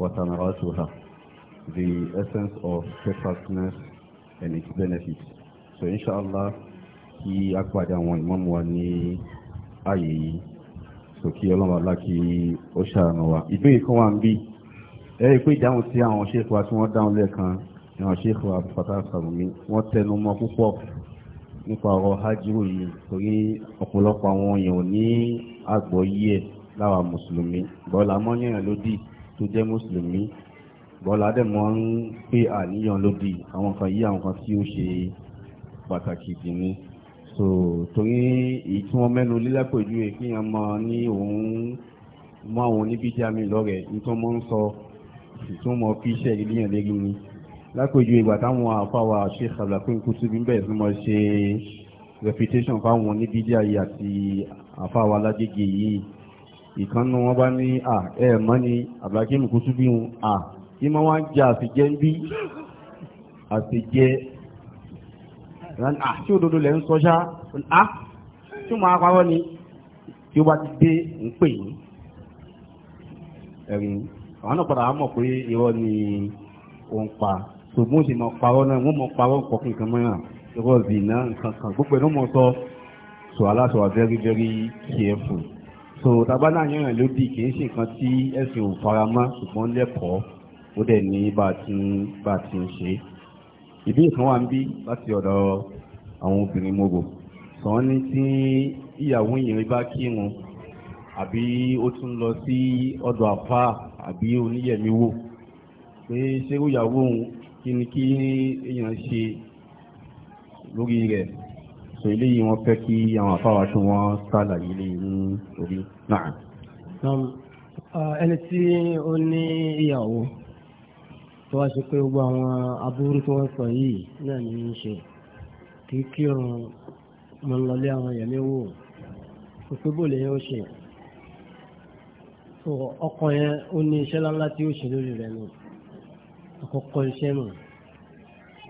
S2: wa thamaratuha the essence of steadfastness and its benefits so inshallah kí a pàdé àwọn ìmáàmù wa ní ààyè yìí so kí ọlọ́run ọlá ó ṣàrànà wa ìbéèrè kan wà ń bí ẹ rí pé ìdáhùn tí àwọn ṣèkọ wa tí dáhùn lẹ́ẹ̀kan àwọn ṣèkọ àbúfàtà sàrùmí wọ́n tẹnu mọ́ púpọ̀ nípa ọ̀rọ̀ hajjúrò yìí torí ọ̀pọ̀lọpọ̀ àwọn èèyàn ní àgbọ́yé ẹ̀ láwa mùsùlùmí bọ́lá mọ́yàn lódì tó jẹ́ mùsùlùmí bọ́lá dẹ̀mọ́ ń pè àníyàn lódì àwọn kan yí àwọn kan tí ó ṣe pàtàkì dì ní so torí èyí tí wọ́n mẹ́nu lílápẹ̀jú ẹ̀ kí wọ́n mọ ní òun mọ́ àwọn oníbíjámi lọ́rẹ̀ẹ́ nítorí wọ́n ń sọ ìtumọ̀ fi iṣẹ́ ìlíyàn lérí ni lápèjú ìgbà táwọn àfáwà ṣe ṣàlàkùn kútu bí bẹ́ẹ̀ sí mọ́ ṣe reputation fáwọn oníbídí ayé àti àfáwà lágége yìí ìkànnù wọn bá ní à ẹ mọ́ ni àbákímù kútu bí wọn à kí mọ́ wá ń jẹ àtijẹ́ ń bí àtijẹ́ tí òdodo lẹ̀ ń sọ́ṣá à tí mo àpawọ́ ni tí ó bá ti dé ń pè yín ẹ̀rìn àwọn náà padà á mọ̀ pé irọ́ ni ó ń pa ṣùgbọ́n sì máa parọ́ náà wọ́n máa parọ́ nǹkan kan mọ́ra lọ́wọ́ zina nǹkan kan gbogbo ẹ̀ ló mọ̀ sọ so aláṣọ very very careful so tabana yẹn lódì kì í ṣe nǹkan tí ẹ̀sìn ò fara mọ́ ṣùgbọ́n lẹ́kọ̀ọ́ ó dẹ̀ ní bá a ti ń ṣe ìbí kan wà ń bí láti ọ̀dọ̀ àwọn obìnrin mogo sọ ní tí ìyàwó ìyẹn bá kírun àbí ó tún lọ sí ọ̀dọ̀ àfáà àbí oníyẹ̀mí wò pé ṣé ó yàwó òun kí ni kí èèyàn ṣe lórí rẹ̀ sọ eléyìí wọ́n fẹ́ kí àwọn àfáwà tí wọ́n sàlàyé lè ní orí náà.
S3: ẹni tí ó ní ìyàwó tó wá ṣe pé gbogbo àwọn aburú tí wọ́n sọ yìí náà ní í ṣe kì í kírun mọ́ ń lọlé àwọn èèyàn méwò òṣùbò lèyìn ó ṣe ọkọ yẹn ó ní iṣẹ́ láńlá tí ó ṣe lórí rẹ̀ náà àkọ́kọ́ iṣẹ́ nù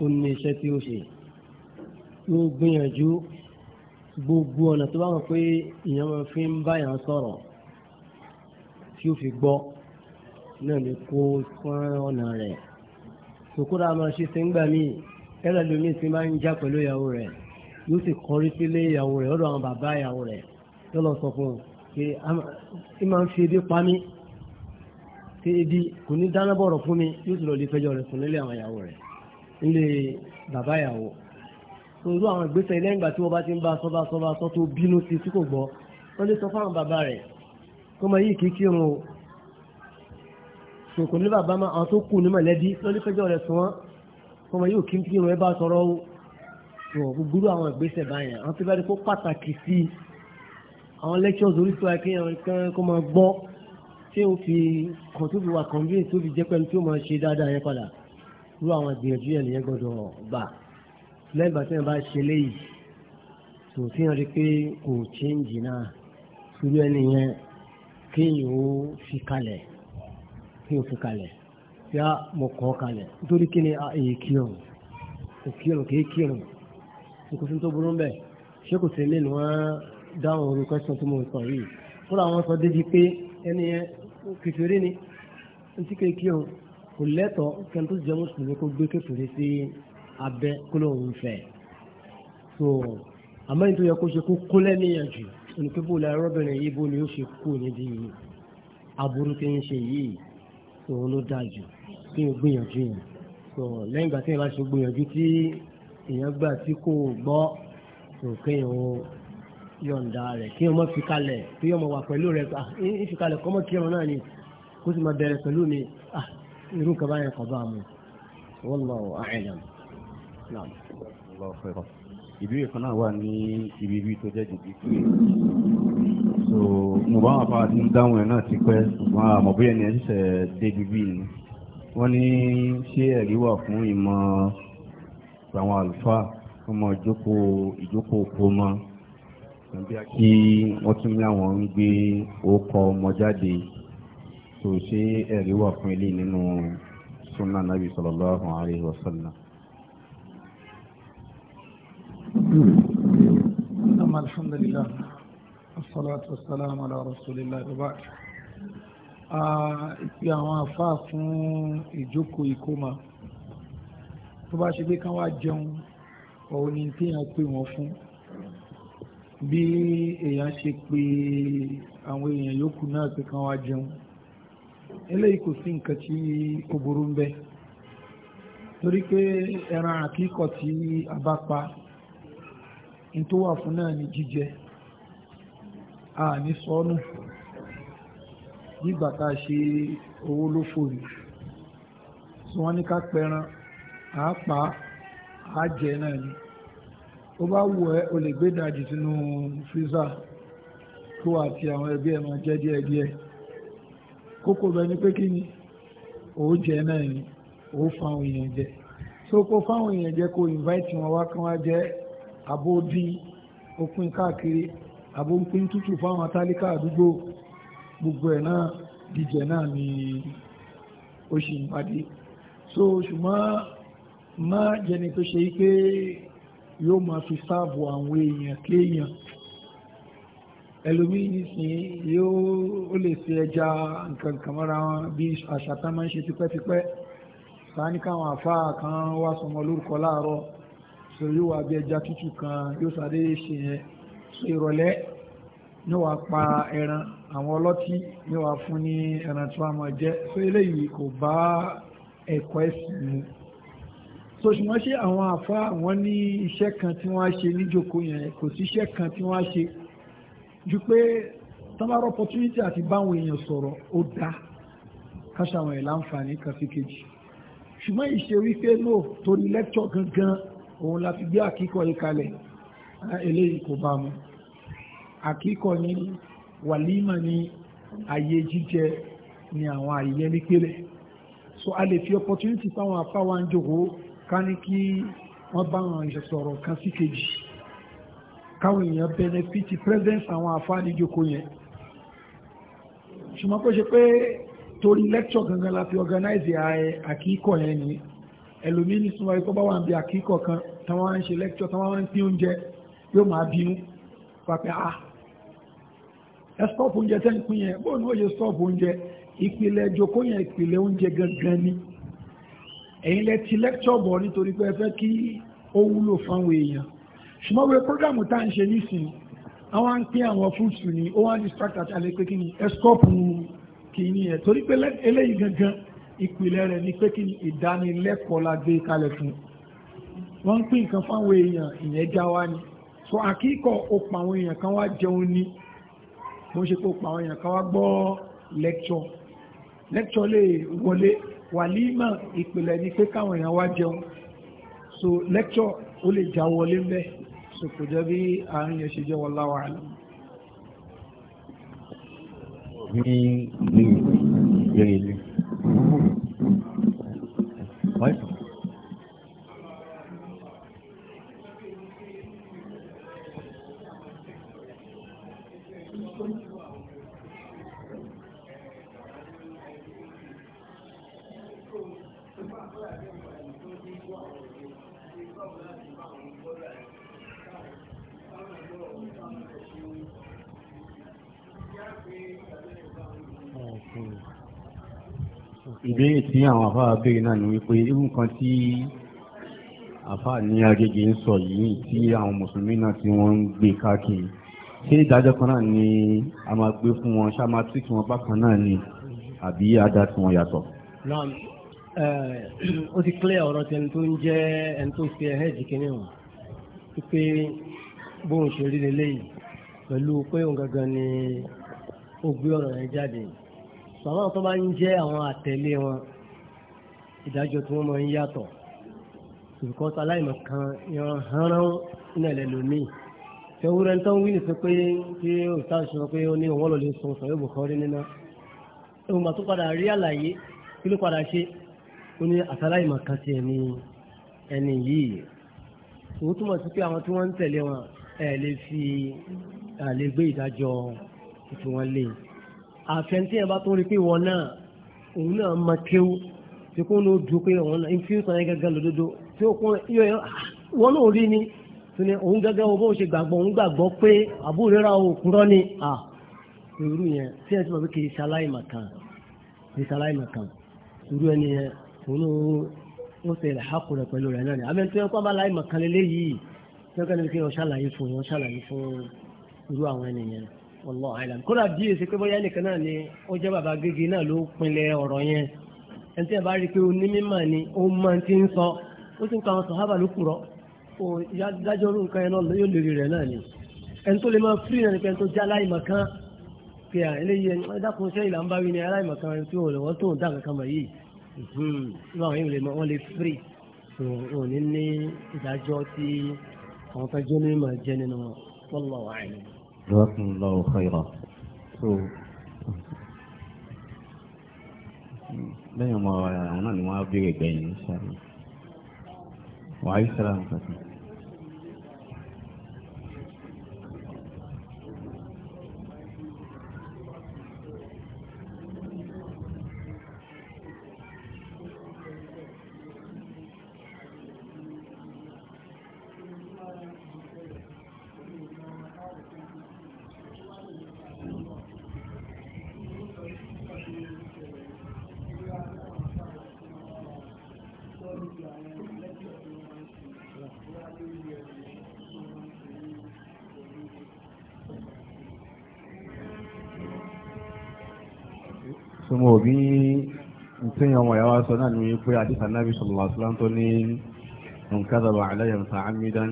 S3: ó ní iṣẹ́ tí ó ṣe yóò gbìyànjú gbogbo ọ̀nà tó bá wọn pé ìyẹn máa fi ń bá yàn sọ̀rọ̀ tí ó fi gbọ́ náà ni kó fún ọ̀nà rẹ̀ sòkúrò àmọ́ ṣe ṣe ń gbà mí ẹ̀rọ lómi ti máa ń já pẹ̀lú ìyàwó rẹ̀ yóò sì kọrí sílé ìyàwó rẹ̀ ọ̀dọ̀ àwọn bàbá ìyàwó rẹ̀ yóò lọ sọ fún un pé ẹ máa ń fi ebi pa mí tí ebi kò ní dáná bọ̀rọ̀ fún mi yóò tún lọ lè fẹjọ́ rẹ̀ sùn nílé àwọn ìyàwó rẹ̀ nílé bàbá ìyàwó tó irú àwọn ìgbésẹ̀ lẹ́yìn ìgbà tí wọ́n bá ti ń bá sọ́ba sọ́ba sọ́ tó bínú sí tí kò gbọ́ wọ́n lè sọ fáwọn bàbá rẹ̀ kó mọ yìí kìí kírun o sòkò ní bàbá máa àwọn tó kù ní mọ̀lẹ́bí lọ́lé fẹjọ́ rẹ̀ sùn wọ́n kó o tó gbúrú àwọn ìgbésẹ̀ báyẹn àwọn tó bá rí kó pàtàkì sí àwọn kan kó máa gbọ́ tí ó fi kàn tó fi wà convince tó fi jẹ́ pẹ́ni tí ó máa ṣe dáadáa yẹn padà rú àwọn ìgbìyànjú yẹn nìyẹn gbọ́dọ̀ gbà lẹ́yìn ìgbà tí wọ́n bá ṣe léyìí tó fi hàn rí pé kò change náà irú ẹni yẹn kéèyàn ó fi kalẹ̀ kéèyàn ó fi kalẹ̀ yá mo kọ́ kalẹ̀ nítorí kí ni èyí kírun kò kírun kì í kírun kò sí tó burú ń bẹ̀ ṣé kò sí lè ní wọ́n dáhùn orí kẹ́sàn tó mọ̀ sọ yìí fúnra wọn sọ débi pé ẹni yẹn kèfèrè ni ntí kéèké o kò lẹ́tọ̀ kẹ́ni tó jẹ́ mùsùlùmí kó gbé kèfèrè sí abẹ́ kó ló ń fẹ́ so àmọ́ ìtò yẹ kó ṣe kó kó lẹ́nìyàn jù onípébò la rọ́bìnrin yìí bó ni ó ṣe kú níbi aburú ń ṣe yìí so ló dáa jù kí n gbìyànjú yẹn so lẹ́yìn ìgbà tí yẹn bá ṣe gbìyànjú tí èèyàn gbà tí kò gbọ́ so kéèyàn ó yọ̀ǹda rẹ̀ kí ọmọ fi kalẹ̀ kí ọmọ wà pẹ̀lú rẹ̀ ah fi kalẹ̀ kọ́mọ kí ọmọ náà ni kó sì máa bẹ̀rẹ̀ pẹ̀lú mi
S2: ah irú kaba yẹn kọ́ bá mu wallahu a'lam. ìbéèrè kan náà wà ní ibi ibi tó jẹ́ jìbì kí so mo bá wọn fara ti ń dáhùn ẹ̀ náà ti pẹ́ ṣùgbọ́n àmọ́ bóyá ni ẹ ṣẹ̀ débi bíi ni wọ́n ní ṣé ẹ̀rí wà fún ìmọ̀ àwọn àlùfáà ọmọ ìjókòó ìjókòó kó mọ́ ẹ̀sìn bí kí wọ́n tún ní àwọn ń gbé orúkọ ọmọ jáde tó ṣe ẹ̀rí wà fún ilé nínú súnà nàbì sallallahu alaihi wa sallam.
S1: Nam alhamdulillah, as-salatu was-salamu ala rasulillah wa ba'd. Ìpè àwọn àfáà fún ìjókòó ìkómà tó bá ṣe pé kán jẹun òun ni tí a pè wọ́n fún bí èèyàn ṣe pé àwọn èèyàn yòókù náà pé kan wá jẹun eléyìí kò sí nǹkan tí kò burú ń bẹ torí pé ẹran àkíkọ̀ tí a bá pa ní tó wà fún náà ní jíjẹ a ní sọnù nígbà tá a ṣe owó ló fòrì tí wọ́n ní ká pẹran àápa àájẹ náà ni tó bá wù ẹ́ o lè gbé dàjì sínú fíza tó àti àwọn ẹbí ẹ̀ máa jẹ díẹ̀ díẹ̀ kókó bẹ ní pé kí ni òun jẹ náà ni òun fáwọn èèyàn jẹ tó kó fáwọn èèyàn jẹ kó invite wọn wá kán wá jẹ abó dín òpin káàkiri abó pín tútù fáwọn atálíkà àdúgbò gbogbo ẹ̀ náà díjẹ náà ni ó ṣì so ṣùgbọ́n má jẹni tó ṣe yí pé yóò máa fi sáàbù àwọn èèyàn kéèyàn ẹlòmíì nìsín yóò ó lè fi ẹja nǹkan kan mọ́ra wọn bí àṣà tá máa ń ṣe tipẹ́tipẹ́ sáà ní káwọn àfáà kan wá sọmọ lórúkọ láàárọ̀ sọ̀rọ̀ yóò wá bí ẹja tútù kan yóò sáré ṣe yẹn sọ ìrọ̀lẹ́ ní wàá pa ẹran àwọn ọlọ́tí ní wàá fún ní ẹran tí wọ́n máa jẹ sọ eléyìí kò bá ẹ̀kọ́ ẹ̀sìn mu so ṣùgbọ́n ṣé àwọn àfa àwọn ní iṣẹ́ kan tí wọ́n á ṣe níjòkó yẹn kò sí iṣẹ́ kan tí wọ́n á ṣe ju pé tọ́bárọ̀ opportunity àti báwọn èèyàn sọ̀rọ̀ ó dá káṣàwọn ẹ̀ láǹfààní kan sí kejì ṣùgbọ́n ìṣe wípé no torí lecture gangan òun la fi gbé àkíkọ̀ yìí kalẹ̀ ah, eléyìí kò bá mu àkíkọ̀ ní wàlímà ní ayé jíjẹ ní àwọn àyè yẹn nípele so a lè fi opportunity fáwọn afáwọn àjòkó ká ní kí wọ́n bá wọn ìṣẹ̀sọ̀rọ̀ kan sí kejì káwọn èèyàn bẹnẹfìtì presence àwọn àfáàní ìjókòó yẹn ṣùgbọ́n kó ṣe pé torí lecture gangan la fi organize àkíkọ̀ yẹn ni ẹlòmí ní súnmọ́ ikọ́ bá wà ń bí àkíkọ̀ kan táwọn wá ń ṣe lecture táwọn wá ń pín oúnjẹ yóò máa bínú pàpẹ́ à ah, ẹ stop oúnjẹ tẹ́ ń pín yẹn bóun ni ó ṣe stop oúnjẹ ìpìlẹ̀ ìjókòó yẹn ìpìlẹ̀ oúnjẹ gangan ni ẹ̀yin lẹ ti lecture bọ̀ nítorí pé ẹ fẹ́ kí ó wúlò fáwọn èèyàn ṣùgbọ́n wẹ́ prógrámù tá à ń ṣe nísìn àwọn ń pín àwọn fúùsù ni ó wá ní strata àlẹ́ pé kí ni escope kì í ní ẹ̀ torí pé eléyìí gangan ìpìlẹ̀ rẹ̀ ni pé kí ni ìdánilẹ́kọ̀ọ́ la gbé kalẹ̀ fún wọ́n ń pín nǹkan fáwọn èèyàn ìyẹn já wá ni so àkíkọ̀ ó pa àwọn èèyàn kan wá jẹun ni mo ṣe pé ó pa àwọn èèyàn kan wá gbọ́ lecture lecture lè wọlé wàlímà ìpìlẹ̀ ni pé káwọn èèyàn wá jẹun so lecture ó lè já wọlé ń so kò jẹ́ bí àárín yẹn ṣe jẹ́ wallahu alam.
S2: ní ilé ìrèlè àwọn àfáà bèèrè náà ni wípé irú nǹkan tí àfáà ní agége ń sọ yìí tí àwọn mùsùlùmí náà tí wọ́n ń gbé káàkiri ṣé ìdájọ́ kan náà ni a máa gbé fún wọn ṣá máa tíìtì wọn bákan náà ni àbí adá tí wọ́n yàtọ̀.
S3: Eh, ó ti clear ọ̀rọ̀ tẹni tó ń jẹ́ ẹni tó ṣe ẹ̀hẹ́jì kínní wọn pé bóun ṣe rí lélẹ́yìí pẹ̀lú pé òun gangan ni ó gbé ọ̀rọ̀ yẹn jáde sọ̀rọ̀ tó bá ń jẹ́ àwọn àtẹ̀lé wọn ìdájọ́ tí wọ́n máa ń yàtọ̀ because aláìmọ̀ kan yan hánrán náà lẹ́nu mi fẹ́wúrẹ́ tó ń wí nìfẹ́ pé kí òṣìṣẹ́ sọ pé ó ní òun lọ lè sun sọ̀rọ̀ Bukhari nínú ẹ̀wọ̀n bá tó padà rí àlàyé kí ló padà ṣe ó ní àtàláìmọ̀ kan ti ẹni ẹni yìí òun túmọ̀ sí pé àwọn tí wọ́n ń tẹ̀lé wọn ẹ̀ lè fi àlè gbé ìdájọ́ tí wọ́n lè àfẹ́ntí ẹ̀ bá tó rí pé wọn náà òun náà máa kéwú tí kò ló dùn pé òun náà fi ń sọ yẹn gẹ́gẹ́ lódodo tí ó kún yọ ah, wọn náà rí ni tí ni òun gẹ́gẹ́ wọn bó ṣe gbàgbọ́ òun gbàgbọ́ pé àbúrẹ́ra òkúrọ́ ni à ah, irú yẹn tí ẹ ti mọ̀ pé kì í ṣaláì màkàn kì í ṣaláì màkàn irú ẹni yẹn òun ó ṣe rẹ̀ hákù rẹ̀ pẹ̀lú rẹ̀ náà ni àmì tí wọ́n kọ́ bá láì màkàn lélẹ́ yìí tí wọ́n kẹ́ni pé wọ́n ṣàlàyé fún wọ́n ṣàlàyé fún irú àwọn ẹni yẹn wallahu alam kódà bí èsì pé bóyá ẹnìkan náà ni ó jẹ́ bàbá gègé náà ló pinlẹ̀ ọ̀rọ̀ yẹn ẹni tí ẹ bá rí i pé o ní mímọ̀ ni ó mọ̀ ti ń sọ ó sì ń ka àwọn sàhábà ló kùrọ̀ o ìyá dájọ́ orú nǹkan yẹn náà yóò lèrè rẹ̀ náà ni ẹni tó lè máa fírí náà ni tó já láìmọ̀ kan pé à eléyìí ẹni wọ́n dákun iṣẹ́ ìlà ń bá wí ni aláìmọ̀ kan tí ò wọ́n tó ń dá nǹkan mọ̀ yìí nígbà wọn yìí wọ́n lè fírí òun ìdájọ́ tí
S2: lẹ́yìn ọmọ àwọn náà ni wọ́n á béèrè gbẹ̀yìn ní sáré wàá yí nǹkan kan. wọn ò bí tí ọmọ ìyá wa sọ náà ni pé àdìsá nábì sallallahu alaihi wasallam tó ní nǹkan dàbà aláyà muta'ammidan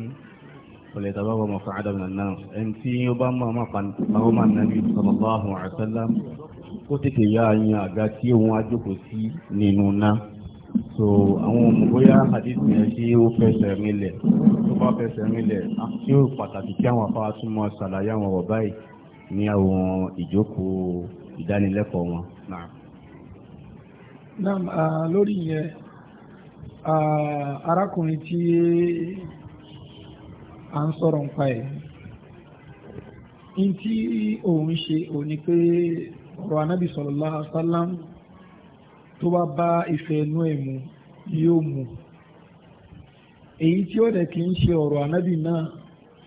S2: ọ̀lẹ́ tàbá wọn mọ̀fà àdàbà náà ẹni tí ó bá mọ̀ ọmọ pàtàkì máa nábì sallallahu alaihi wasallam ó tètè yá ayin àga tí òun á jókòó sí nínú náà so àwọn òmùgbóyá hadith yẹn tí ó fẹsẹ̀ rinlẹ̀ tó bá fẹsẹ̀ rinlẹ̀ tí ó pàtàkì kí àwọn afárá tún mọ ṣàlàyé àwọn ọ̀rọ̀ ìdánilẹ́kọ̀ọ́ wọn.
S1: nam lórí yẹn arákùnrin tí a ń sọ̀rọ̀ nípa ẹ̀ ní tí òun ṣe òní pé ọ̀rọ̀ anábì sallallahu alaihi tó bá bá ìfẹ́ inú ẹ̀ mu yóò mu èyí tí ó kì í ṣe ọ̀rọ̀ anábì náà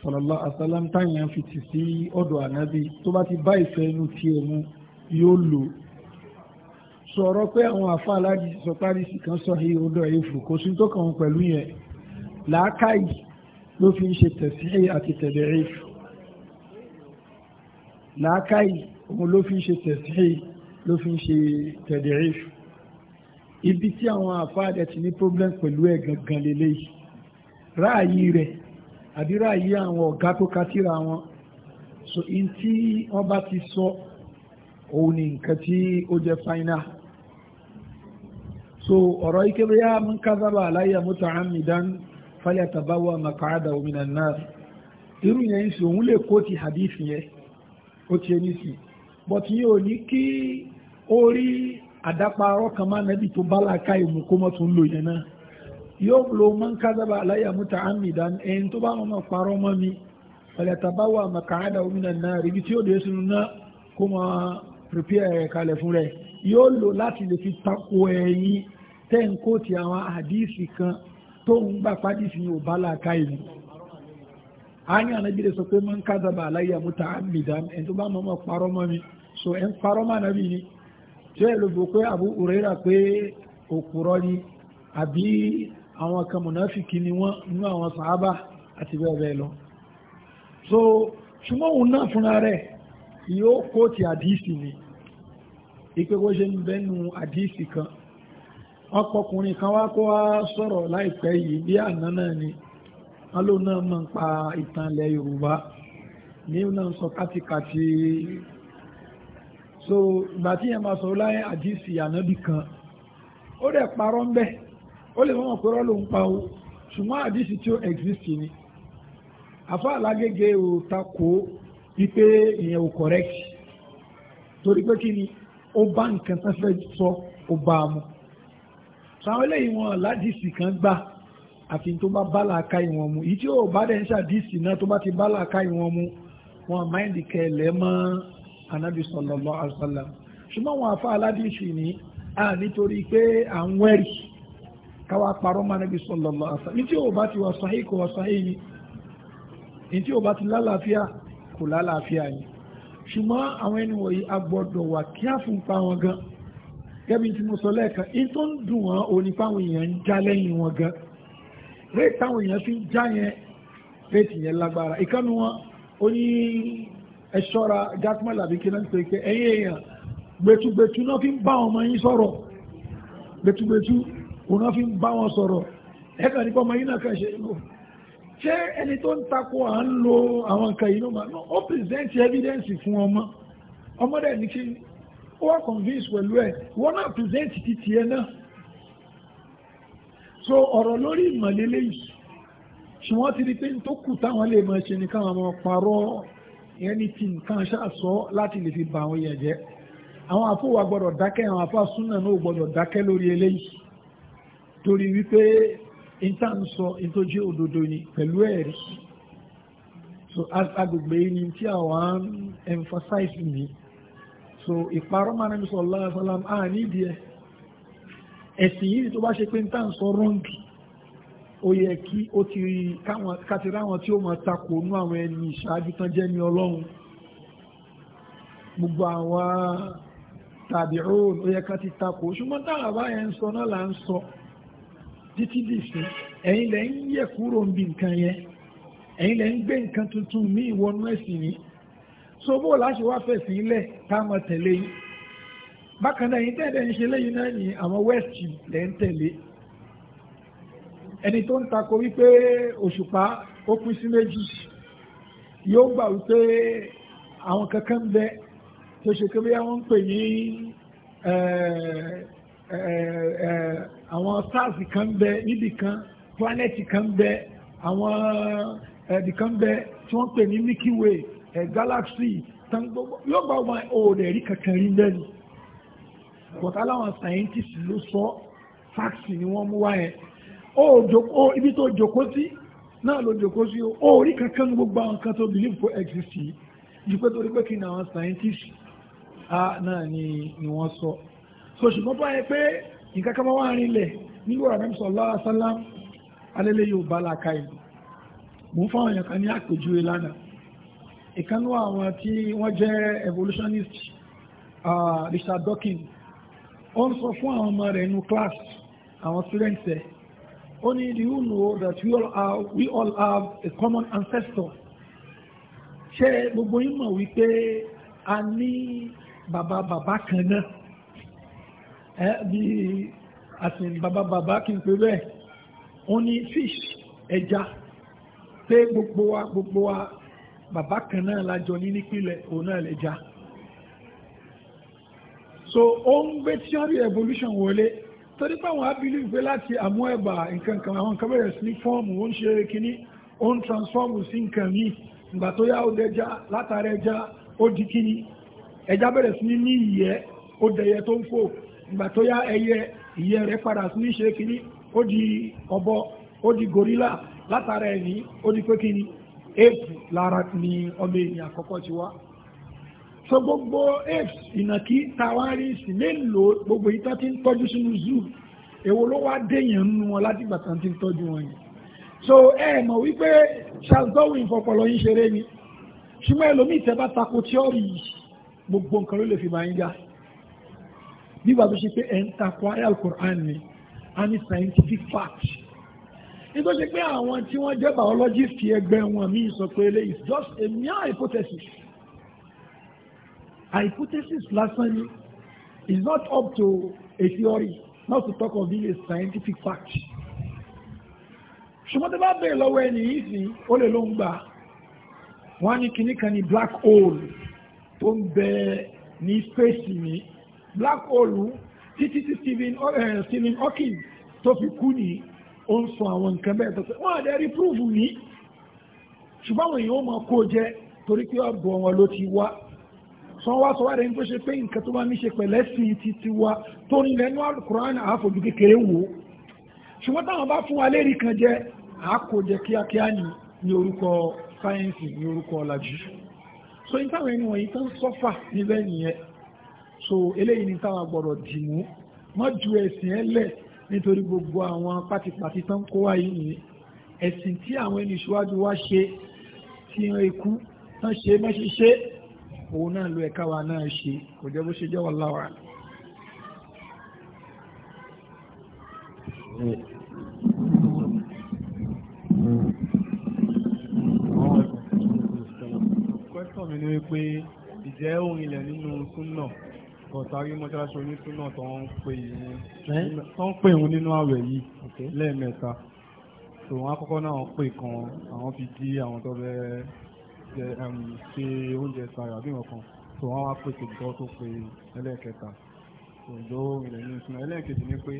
S1: sallallahu alaihi táyà fi sí ọ̀dọ̀ tó bá ti bá ìfẹ́ inú tiẹ̀ mu sọ̀rọ̀ pé àwọn àfa aládì sọ párísì kan sọ yìí ó dọ̀ èèfù kò sí tó kàn pẹ̀lú yẹn làákàyè ló fi ń ṣe tẹ̀síhì àti tẹ̀lé èèfù làákàyè òun ló fi ń ṣe tẹ̀síhì ló fi ń ṣe tẹ̀lé èèfù ibi tí àwọn àfa adẹ ti ní problem pẹ̀lú ẹ̀ gangan lélẹ́yìí ráàyè rẹ̀ àbí ráàyè àwọn ọ̀gá tó kátìra wọn so in tí wọ́n bá ti sọ òun ni nǹkan tí ó jẹ́ final so ọ̀rọ̀ ike bí yá mú kázábà aláyà múta àmìdán fálẹ̀ tàbáwà makaada òmìnà náà irú yẹn sì òun lè kó ti hadith yẹn ó ti ẹni sí but yóò ní kí ó rí àdáparọ́ kan máa nẹ́bí tó bá làákà ìmú kó mọ́ tún lò yẹn náà yóò lo mú kázábà aláyà múta àmìdán ẹni tó bá wọn mọ̀ parọ́ mọ́ mi fálẹ̀ makaada òmìnà náà ríbi tí ó dé sínú náà kó mọ́ prepare kalẹ̀ fún rẹ̀ yóò lò láti lè fi tako ẹ̀yìn tẹ́ǹkó ti àwọn àdíìsì kan tó ń gbà pàdísì yóò bá láàká ìlú a ní ànábìrì sọ pé mọ́ ń kázàbà aláyà múta àmìdá ẹni tó bá mọ́ mọ́ parọ́ mọ́ mi so ẹ ń parọ́ mọ́ ànábì ni tí ẹ lòbò pé Abu Huraira pé òkúrọ́ ni àbí àwọn kan mùnáfìkì ni wọ́n nú àwọn sàábà àti bẹ́ẹ̀ bẹ́ẹ̀ lọ so ṣùgbọ́n òun náà fúnra rẹ̀ yóò kó ti àdíìsì ni ìpé bó ṣe ń bẹ́nu àdíìsì kan ọkọkùnrin kan wá kó wá sọ̀rọ̀ láìpẹ́ yìí bí àná náà ni aló náà mọ̀ ń pa ìtàn ilẹ̀ Yorùbá ní náà sọ kátikàti so ìgbà tí yẹn máa sọ láyé àdíìsì ànábì kan ó dẹ̀ parọ́ ń bẹ̀ ó lè mọ̀ pé rọ́ ló ń pa o ṣùgbọ́n àdíìsì tí ó exist ni àfa àlágége ò ta kó ìyẹn ò correct torí pé kí ni ó bá nǹkan tó fẹ́ sọ ó bá a mu sàwọn eléyìí wọn ládìsì kan gbà àfi tó bá bá làákà ìwọ̀n mu ìdí ò bá dẹ̀ ń ṣàdìsì náà tó bá ti bá làákà ìwọ̀n mu wọn máìndì kẹlẹ̀ mọ́ anábì sallallahu alaihi wasallam ṣùgbọ́n wọn àfa aládìsì ní à nítorí pé à ń wẹ̀rì káwa parọ́ mọ́ anábì sallallahu alaihi wasallam ìdí ò bá ti wà sahih kò wà sahih ni ìdí ò bá ti lálàáfíà kò lálàáfíà ni ṣùgbọ́n àwọn ẹni wọ̀nyí a gbọ́dọ̀ wà kí á fún pa wọn gan gẹ́bí tí mo sọ lẹ́ẹ̀kan in tó ń dùn wọn ò ní fáwọn èèyàn ń já lẹ́yìn wọn gan rẹ́ẹ̀tì táwọn èèyàn fi ń já yẹn rẹ́ẹ̀tì yẹn lágbára ìkànnì wọn ó ní ẹ̀ṣọ́ra jasmine àbí kí náà ń pè ẹ̀yìn èèyàn gbẹtugbẹtu náà fi ń bá ọmọ yín sọ̀rọ̀ gbẹtugbẹtu òun náà fi ń bá wọn sọ̀rọ̀ ẹ̀ka nípa ọmọ yín náà kàn ṣe ṣé ẹni tó ń takò à ń lo àwọn nǹkan yìí ló máa ná ó present evidence fún ọmọ ọmọ dẹ̀ ní kí ó wà convince pẹ̀lú ẹ̀ wọ́n náà present ti tiẹ̀ náà so ọ̀rọ̀ lórí ìmọ̀lélẹ́ yìí ṣùgbọ́n ti di pé tó kù táwọn lè máa ṣe nìkan àwọn parọ́ ẹni tí nǹkan ṣàṣọ láti lè fi bà àwọn èèyàn jẹ́ àwọn àfọwà gbọ́dọ̀ dákẹ́ àwọn àfọwà súnà náà gbọ́dọ̀ dákẹ́ lórí eléyìí torí wípé ìta ń sọ ìtọ́jú òdodo ni pẹ̀lú ẹ̀rí so agbègbè yìí ni tí àwọn emphasize ni so ìparọ́ máa nẹ́bí sọ̀rọ̀ lára sọ́lá à nídi ẹ̀ ẹ̀sìn yìí tó bá ṣe pé níta ń sọ rọ́ǹgì ó yẹ kí ó ti kátìrá àwọn tí ó máa takò nú àwọn ẹni ìṣáájú tán jẹ́ ní ọlọ́run gbogbo àwọn tàbí ó yẹ ká ti takò ṣùgbọ́n táwọn àbáyẹn ń sọ náà là ń sọ. So, títí dì sí ẹ̀yin lẹ́ ń yẹ̀ kúrò ń bi nǹkan yẹn ẹ̀yin lẹ́ ń gbé nǹkan tuntun ní ìwọnú ẹ̀sìn yìí so bó láṣẹ wá fẹ̀sìn ilẹ̀ tá a mọ̀ tẹ̀lé yìí bákan náà yìí tẹ́lẹ̀ ń ṣe lẹ́yìn náà ní àwọn west lẹ́ ń tẹ̀lé ẹni tó ń tako wípé òṣùpá ó pín sí méjì yóò gbà wípé àwọn kankan ń bẹ tó ṣe kébé àwọn ń pè ní àwọn stars kan bẹ níbì kan planet kan bẹ àwọn ẹ̀dì kan bẹ tí wọ́n pè ní Milky Way ẹ̀ galaxy tán gbogbo yóò gba ọmọ òòrè rí kankan rí lẹ́nu but aláwọn scientists ló sọ facts ni wọ́n mú wá yẹn ó ibi tó jókòó sí náà ló jókòó sí ó rí kankan gbogbo àwọn kan tó believe kò exist yìí ju pé torí pé kí ni àwọn scientists náà ni wọ́n sọ so ṣùgbọ́n báyẹn pé nǹkan kan máa wá rinlẹ̀ nílùú àdámù sallallahu alaihi wasallam alẹ́lẹ́ yóò bá làkà ìlú mò ń fáwọn èèyàn kan ní àpèjúwe lánàá ìkanú àwọn tí wọ́n jẹ́ evolutionist Richard Dawkins ó ń sọ fún àwọn ọmọ rẹ̀ nínú class àwọn students ẹ̀ ó ní do you know that we all have, we all have a common ancestor ṣé gbogbo yín mọ̀ wípé a ní bàbá bàbá kan náà bí àsìn bàbá bàbá kí n pè bẹ́ẹ̀ ó ní fish ẹja pé gbogbo wa gbogbo wa bàbá kan náà lájọ ní nípìnlẹ̀ òun náà lẹ́ja so ó ń gbé theory evolution wọlé torí pé àwọn abìlú ìgbé láti àmú ẹ̀bà nǹkan kan àwọn nǹkan bẹ̀rẹ̀ sí ní fọ́ọ̀mù ó ń ṣe kínní ó ń transform sí nǹkan míì ìgbà tó yá ó dẹja látara ẹja ó di kínní ẹja bẹ̀rẹ̀ sí ní ìyẹ́ ó dẹyẹ tó ń fò ìgbà tó yá ẹyẹ ìyẹ́ rẹ̀ padà sí ṣe kìíní ó di ọ̀bọ ó di gorilla látara ẹni ó di pé kìíní ape lára ni ọmọ ènìyàn àkọ́kọ́ ti wá so gbogbo apes ìnàkí tawari sí mélòó gbogbo ìtọ́ ti ń tọ́jú sínú zoo èwo ló wá déyàn nínú wọn láti ìgbà tán ń tọ́jú wọn yìí so ẹ mọ̀ wípé Charles Darwin fọpọlọ yín ṣeré ni ṣùgbọ́n ẹlòmíì tẹ́ bá tako tíọ́rì gbogbo nǹkan ló lè fi bá yín já nígbà tó ṣe pé ẹ̀ ń takọ ayé alukur'an ni a ní scientific fact nítorí ṣe pé àwọn tí wọ́n jẹ́ biologist ẹgbẹ́ wọn míì sọ pé eléyìí is just a mere hypothesis a hypothesis lásán ni is not up to a theory not to talk of being a scientific fact ṣùgbọ́n tó bá bèèrè lọ́wọ́ ẹni yìí sí ó lè ló ń gbà wọ́n á ní kinní ní black hole tó ń bẹ ní space ni black hole títí tí Stephen uh, Hawking tó fi kú ní ó ń sọ àwọn nǹkan bẹ́ẹ̀ tó sọ wọ́n àdé rí púrúfù ní ṣùgbọ́n àwọn èèyàn ó máa kó jẹ torí pé wọn ló ti wá sọ wá sọ wá tó ṣe pé nǹkan tó ní títí tó lẹ́nu kékeré wò ó ṣùgbọ́n fún wa lérí kan jẹ kíákíá ní ní orúkọ sáyẹ́ǹsì ní so ní táwọn ẹni wọ̀nyí tó so eléyìí ni táwa gbọ́dọ̀ dì mú má ju ẹ̀sìn ẹ lẹ̀ nítorí gbogbo àwọn pátipàti tán kó wá yìí nìyẹn ẹ̀sìn tí àwọn ẹni ìṣíwájú wá ṣe tí wọn ikú tán ṣe mẹ́ṣiṣẹ́ òun náà ló ẹ̀ka wa náà ṣe kò jẹ́ bó ṣe jẹ́ wọn láwàá.
S2: ìjẹ́ orin ilẹ̀ nínú súnà ọ̀tàrí mọ́ṣáláṣí onítúnà tó ń pè òun nínú ààwẹ̀ yìí lẹ́ẹ̀mẹ́ta tó wọn àkọ́kọ́ náà wọ́n pè kan àwọn fi dí àwọn tó fẹ́ ṣe oúnjẹ sàrà bí wọn kan tó wọn wá pè kejìkọ́ tó pe ẹlẹ́ẹ̀kẹta òjò ìrẹ̀ ní ìsúná ẹlẹ́ẹ̀kejì ni pé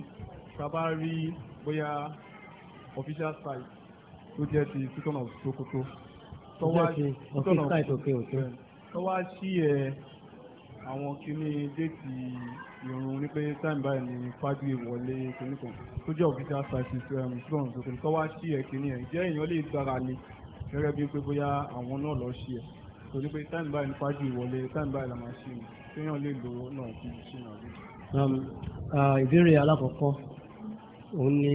S2: tá bá rí bóyá official site tó jẹ́ ti Sultan of Sokoto tó wá sí ẹ̀ àwọn kíní déètì ìrun ní pé time báyìí ni fagbe wọlé kíní kan tó jẹ́ official crisis um, strong tó kọ́ wá sí ẹ̀ kíní ẹ̀ jẹ́ èèyàn lè gbára lé gẹ́gẹ́ bí pé bóyá àwọn náà lọ sí ẹ̀ torí pé time báyìí ni fagbe wọlé time báyìí la máa ṣe ni téèyàn lè lò náà fi ṣe náà.
S3: Um, ìbéèrè alákọ̀ọ́kọ́ òun ni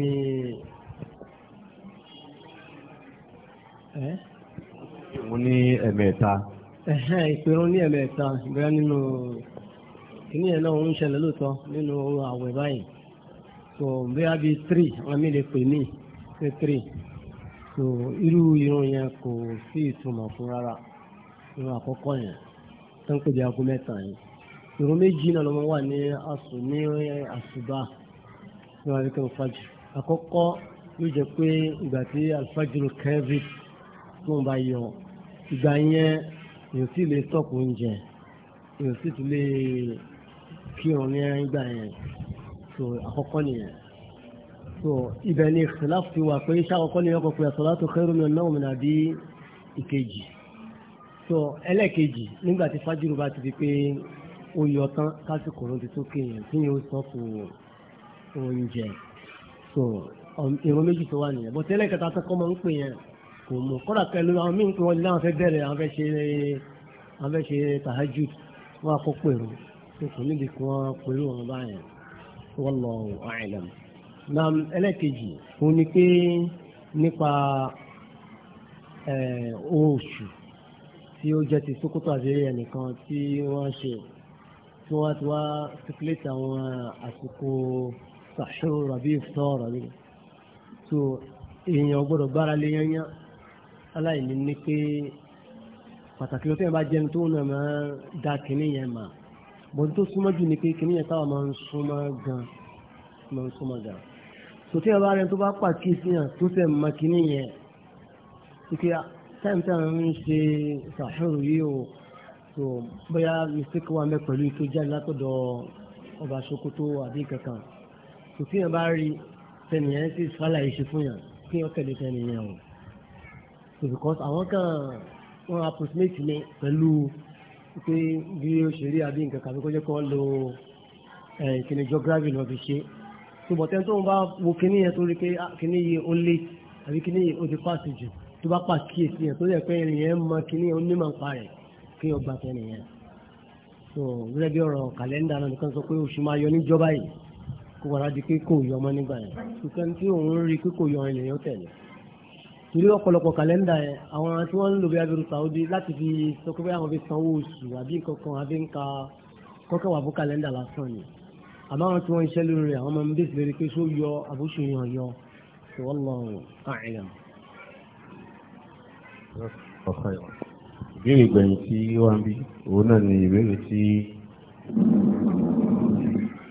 S2: òun ní ẹ̀mẹ́ta.
S3: ẹ̀hẹ́n ìpẹ̀rún ní taa ìgbéra nínú kìíní ẹ̀ náà ń ṣẹlẹ̀ lóòótọ́ nínú ohun àwẹ̀ báyìí so bóyá bíi three wọn mi lè pè mí pé so irú irun yẹn kò sí ìtumọ̀ fún rárá irun àkọ́kọ́ yẹn tó ń pèjì aago mẹ́ta yìí irun méjì náà ló wà ní ní àsùbà ní wàá àkọ́kọ́ yóò jẹ́ pé ìgbà tí èyí sì lè stop oúnjẹ èyí sì tún lè kírun ní ìgbà yẹn so àkọ́kọ́ nìyẹn so ibẹ̀ ni ìṣẹ̀lá fi wà pé iṣẹ́ àkọ́kọ́ nìyẹn kò pé as-salatu khairun minan nawm àbí ìkejì so ẹlẹ́ẹ̀kejì nígbà tí fájìrì bá ti di pé ó yọ tán kásìkò ti tókè yẹn tí yóò sọ oúnjẹ so ìrun méjì tó wà nìyẹn bọ́tẹ́lẹ̀ kẹta tó kọ́ máa ń pè yẹn kò mú kọ́dà pẹ̀lú àwọn míì pé wọ́n lé àwọn fẹ́ bẹ̀rẹ̀ àwọn fẹ́ ṣe àwọn fẹ́ ṣe tahajjud wọ́n á kó pèrò kò níbi kí wọ́n pèrò wọn báyẹn wallahu a'lam. nam ẹlẹ́kejì òun ni pé nípa oṣù tí ó jẹ́ ti Sokoto àbẹ̀rẹ̀ ẹnìkan tí wọ́n ṣe tí wọ́n ti wá sípìlẹ̀tì àwọn àsìkò sàṣọ́ rabi sọ́ọ̀rọ̀ mi. so èèyàn gbọ́dọ̀ gbára lé yányán aláìní ni pé pàtàkì lọ́tẹ́ bá jẹun tó náà máa da kìnní yẹn mà bọ́n tó súnmọ́ jù ni pé kìnní yẹn táwọn máa ń súnmọ́ gan máa ń súnmọ́ gan sòtí ẹ̀ bá rẹ̀ tó bá pàkíyèsí yàn tó fẹ́ mọ kìnní yẹn wípé táìmù ah, táwọn ń ṣe sàhẹ́rù yìí o tó bóyá mistake wà mẹ́ pẹ̀lú tó jáde látọ̀dọ̀ ọba Sokoto àbí kankan sòtí yẹn bá rí tẹnìyẹn sì sálàyé ṣe fún yàn kí wọ́n tẹ̀lé tẹnìyẹn o so because àwọn kan wọn approximate mi pẹ̀lú pé bí o ṣe rí àbí nǹkan kàbí kó jẹ́ kó lo kíni geography lọ́ọ́ fi ṣe so bọ̀tẹ́ tó ń bá wo kíní yẹn tó rí pé ah, kíní yìí ó lé àbí kíní yìí ó ti pàṣẹ jù tó bá pàkíyèsí yẹn tó yẹ pé ẹni yẹn mọ kíní yẹn ó ní màá pa rẹ̀ kí ọgbà tẹ́ni yẹn so gẹ́gẹ́ bí ọ̀rọ̀ kàlẹ́ndà náà nìkan sọ pé oṣù máa yọ níjọba yìí kó wàrà di pé kò yọ ọmọ nígbà yẹn ṣùgbọ́n tí òun rí pé kò yọ ẹ̀yìn yẹn ó tẹ̀lé torí ọ̀pọ̀lọpọ̀ kàlẹ́ndà yẹn àwọn tí wọ́n ń lò bí abiru saudi láti fi sọ pé àwọn fi sanwó oṣù àbí kankan àbí nǹka kọ́kẹ́ wà fún kàlẹ́ndà lásán ni àmọ́ àwọn tí wọ́n ń ṣẹ́ lórí rẹ̀ àwọn ọmọ mi bèsì lérí pé ṣó yọ àbúṣe yàn yọ wallahu a'lam.
S2: ìbéèrè gbẹ̀yìn tí wà bí òun náà ni ìbéèrè tí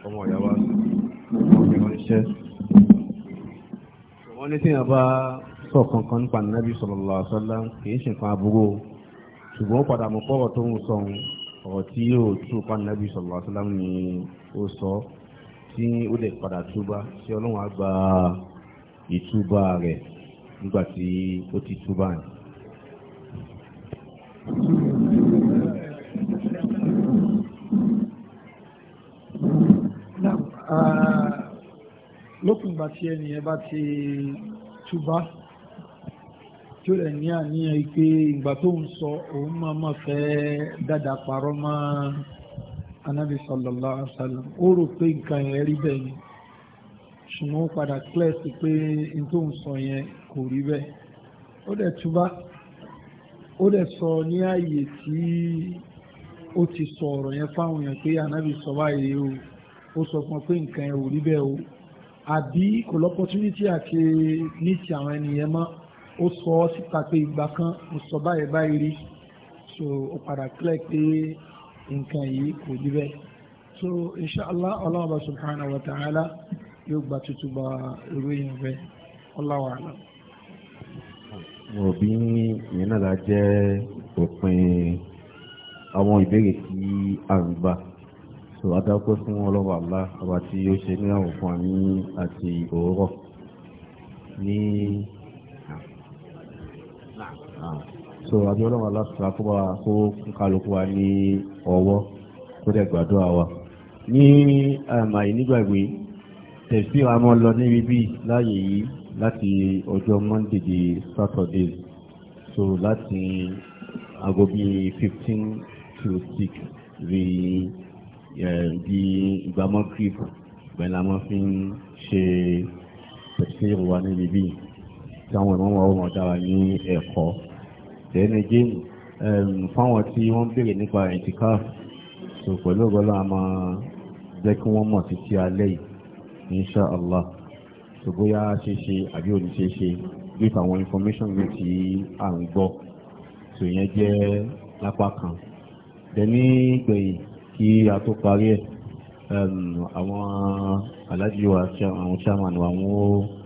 S2: ọmọ ìyá wa ṣe wọ́n ní sọ kankan nípa nàbí sallallahu alaihi wasallam kìí ṣe nǹkan aburú ṣùgbọ́n padà mọ̀ pọ̀rọ̀ tó ń sọ ọ̀rọ̀ tí yóò tú pa nàbí sallallahu alaihi ni ó sọ tí ó lè padà túbá sí ọlọ́run á gba ìtúbà rẹ̀ nígbà tí ó ti túbà yìí.
S1: Ah, lókùngbà tí ẹnìyẹn bá ti túbá tí ó lè ní àníyàn pé ìgbà tó ń sọ òun máa ma fẹ́ dáadáa parọ́ mọ́ anábì sallallahu alaihi wasallam ó rò pé nǹkan yẹn rí bẹ́ẹ̀ ni ṣùgbọ́n ó padà kílẹ̀sì pé n tó ń sọ yẹn kò rí bẹ́ẹ̀ ó dẹ̀ túbá ó dẹ̀ sọ ní ààyè tí ó ti sọ ọ̀rọ̀ yẹn fáwọn èèyàn pé anábì sọ báyìí o ó sọ fún ọ pé nǹkan yẹn ò rí bẹ́ẹ̀ o àbí kò lọ́pọ̀tunítì àti ní ti àwọn ẹnìyẹn mọ́ ó sọ ọ́ síta pé ìgbà kan ó sọ báyìí báyìí rí so ó padà clear pé nǹkan yìí kò rí bẹ́ẹ̀ so inshallah ọlọ́ọ̀bà subhanahu wa ta'ala yóò gba tuntun gba irú èèyàn bẹ́ẹ̀ ọláwà àlà.
S2: òbí yẹn náà jẹ́ òpin àwọn ìbéèrè tí a ń gbà so adákọ́ fún ọlọ́wọ́ àlá ọba tí ó ṣe ní àwọn àmì àti òwúrọ̀ ní. Ah. so àbí ọlọ́run aláṣà kó bá kó kálukú wa ní ọwọ́ kó dẹ̀ gbàdúrà wa ní um, àmàyí nígbàgbé tẹ̀sí wa mọ́ lọ níbi bíi láàyè yìí láti ọjọ́ monday di saturday so láti aago bíi fifteen to six rí bí um, ìgbàmọ́ creep bẹ́ẹ̀ la máa fi ń ṣe tẹ̀sí wa níbi bíi táwọn ìmọ̀mọ̀ ọmọ dára ní ẹ̀kọ́ tẹ́ẹ̀nì jíìmù um, fáwọn tí wọ́n béèrè nípa ìtìká so pẹ̀lú ọgọ́lá a máa jẹ́ kí wọ́n mọ̀ títí alẹ́ yìí insha Allah so bóyá ṣeéṣe àbí òní ṣeéṣe bí àwọn information mi tí à ń gbọ́ so yẹn jẹ́ lápá kan dẹ̀ní gbẹ̀yìn kí a tó parí ẹ̀ um, àwọn alájíwá àwọn chairman wa wọ́n.